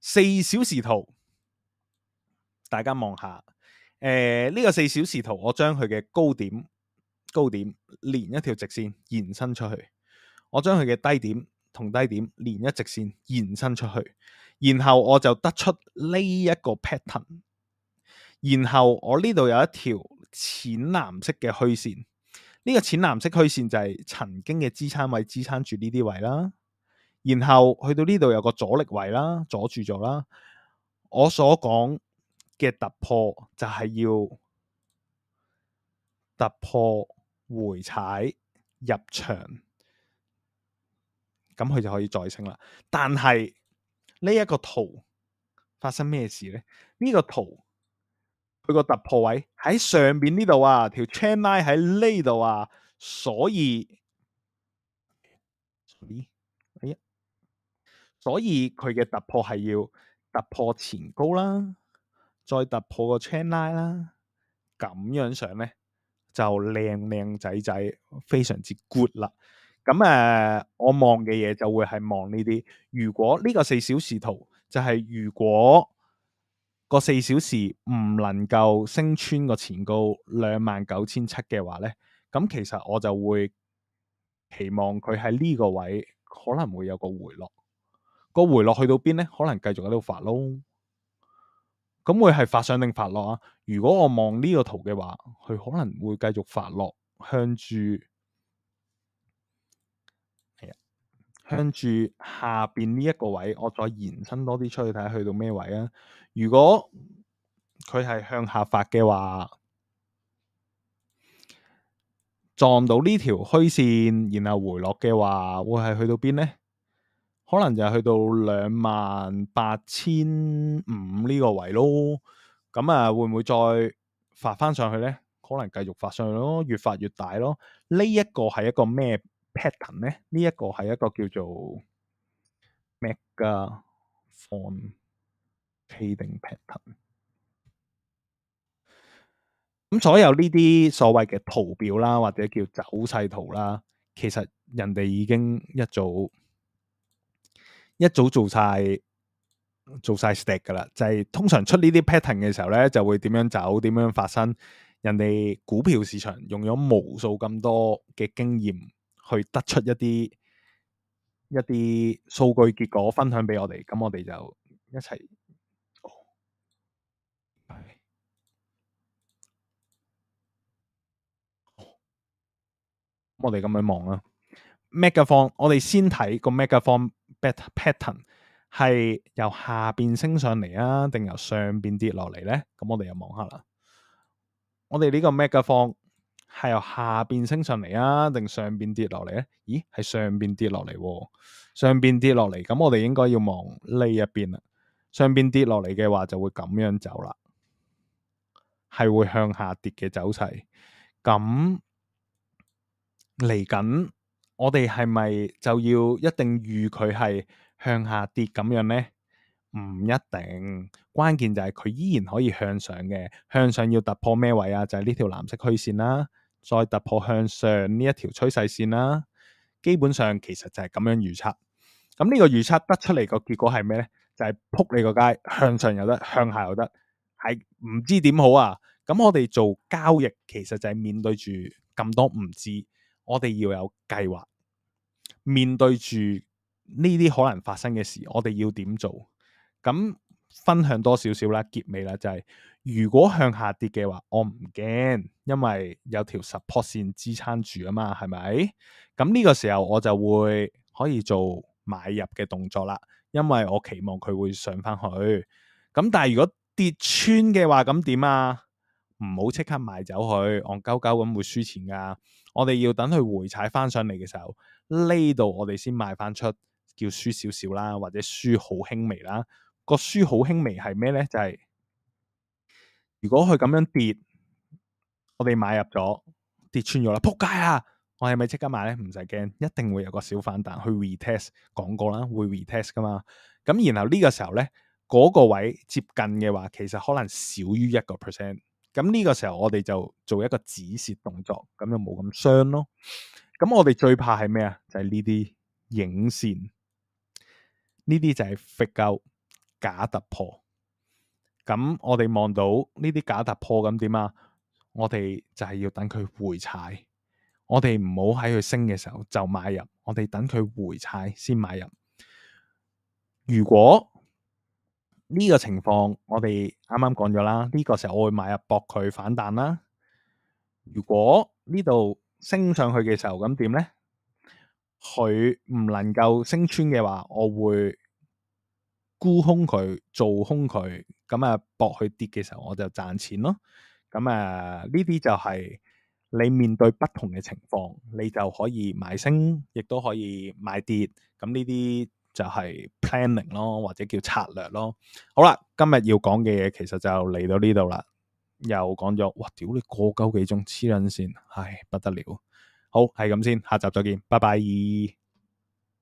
S1: 四小時圖，大家望下。誒、呃、呢、這個四小時圖，我將佢嘅高點、高點連一條直線延伸出去，我將佢嘅低點同低點連一直線延伸出去，然後我就得出呢一個 pattern。然後我呢度有一條。淺藍色嘅虛線，呢、這個淺藍色虛線就係曾經嘅支撐位，支撐住呢啲位啦，然後去到呢度有個阻力位啦，阻住咗啦。我所講嘅突破就係要突破回踩入場，咁佢就可以再升啦。但係呢一個圖發生咩事呢？呢、這個圖。佢個突破位喺上邊呢度啊，條 channel line 喺呢度啊，所以，所以，所以佢嘅突破係要突破前高啦，再突破個 channel line 啦，咁樣上咧就靚靚仔仔，非常之 good 啦。咁誒，我望嘅嘢，就會係望呢啲。如果呢個四小時圖就係如果。個四小時唔能夠升穿個前高兩萬九千七嘅話呢，咁其實我就會期望佢喺呢個位可能會有個回落。個回落去到邊呢？可能繼續喺度發咯。咁會係發上定發落啊？如果我望呢個圖嘅話，佢可能會繼續發落，向住向住下邊呢一個位，我再延伸多啲出去睇下，去到咩位啊？如果佢係向下發嘅話，撞到呢條虛線然後回落嘅話，會係去到邊呢？可能就係去到兩萬八千五呢個位咯。咁啊，會唔會再發翻上去呢？可能繼續發上去咯，越發越大咯。呢、這個、一個係一個咩 pattern 呢？呢、這、一個係一個叫做 megaphone？pattern 咁，Patter 所有呢啲所謂嘅圖表啦，或者叫走勢圖啦，其實人哋已經一早一早做晒做晒 step 噶啦，就係、是、通常出呢啲 pattern 嘅時候咧，就會點樣走，點樣發生？人哋股票市場用咗無數咁多嘅經驗，去得出一啲一啲數據結果，分享俾我哋，咁我哋就一齊。我哋咁樣望啊 m e g a 方，我哋先睇個 mega 方 pattern 係由下邊升上嚟啊，定由上邊跌落嚟咧？咁我哋又望下啦。我哋呢個 mega 方係由下邊升上嚟啊，定上邊跌落嚟咧？咦，係上邊跌落嚟，啊，上邊跌落嚟。咁我哋應該要望呢一邊啦。上邊跌落嚟嘅話，就會咁樣走啦，係會向下跌嘅走勢。咁。嚟緊我哋係咪就要一定預佢係向下跌咁樣呢？唔一定，關鍵就係佢依然可以向上嘅。向上要突破咩位啊？就係呢條藍色虛線啦、啊，再突破向上呢一條趨勢線啦、啊。基本上其實就係咁樣預測。咁呢個預測得出嚟個結果係咩呢？就係、是、撲你個街，向上又得，向下又得，係唔知點好啊！咁我哋做交易其實就係面對住咁多唔知。我哋要有計劃，面對住呢啲可能發生嘅事，我哋要點做？咁分享多少少啦，結尾啦就係、是、如果向下跌嘅話，我唔驚，因為有條 support 線支撐住啊嘛，係咪？咁呢個時候我就會可以做買入嘅動作啦，因為我期望佢會上返去。咁但係如果跌穿嘅話，咁點啊？唔好即刻賣走佢，戇鳩鳩咁會輸錢噶。我哋要等佢回踩翻上嚟嘅時候，呢度我哋先賣翻出，叫輸少少啦，或者輸好輕微啦。個輸好輕微係咩咧？就係、是、如果佢咁樣跌，我哋買入咗跌穿咗啦。仆街啊！我係咪即刻賣咧？唔使驚，一定會有個小反彈去 retest，講過啦，會 retest 噶嘛。咁然後呢個時候咧，嗰、那個位接近嘅話，其實可能少於一個 percent。咁呢個時候我哋就做一個止蝕動作，咁就冇咁傷咯。咁我哋最怕係咩啊？就係呢啲影線，呢啲就係 fake out，假突破。咁我哋望到呢啲假突破，咁點啊？我哋就係要等佢回踩，我哋唔好喺佢升嘅時候就買入，我哋等佢回踩先買入。如果呢個情況我哋啱啱講咗啦，呢、這個時候我會買入博佢反彈啦。如果呢度升上去嘅時候，咁點咧？佢唔能夠升穿嘅話，我會沽空佢，做空佢。咁、嗯、啊，博佢跌嘅時候，我就賺錢咯。咁、嗯、啊，呢啲就係你面對不同嘅情況，你就可以買升，亦都可以買跌。咁呢啲。就係 planning 咯，或者叫策略咯。好啦，今日要講嘅嘢，其實就嚟到呢度啦。又講咗，哇屌你過鳩幾鐘黐撚線，唉不得了。好係咁先，下集再見，拜拜。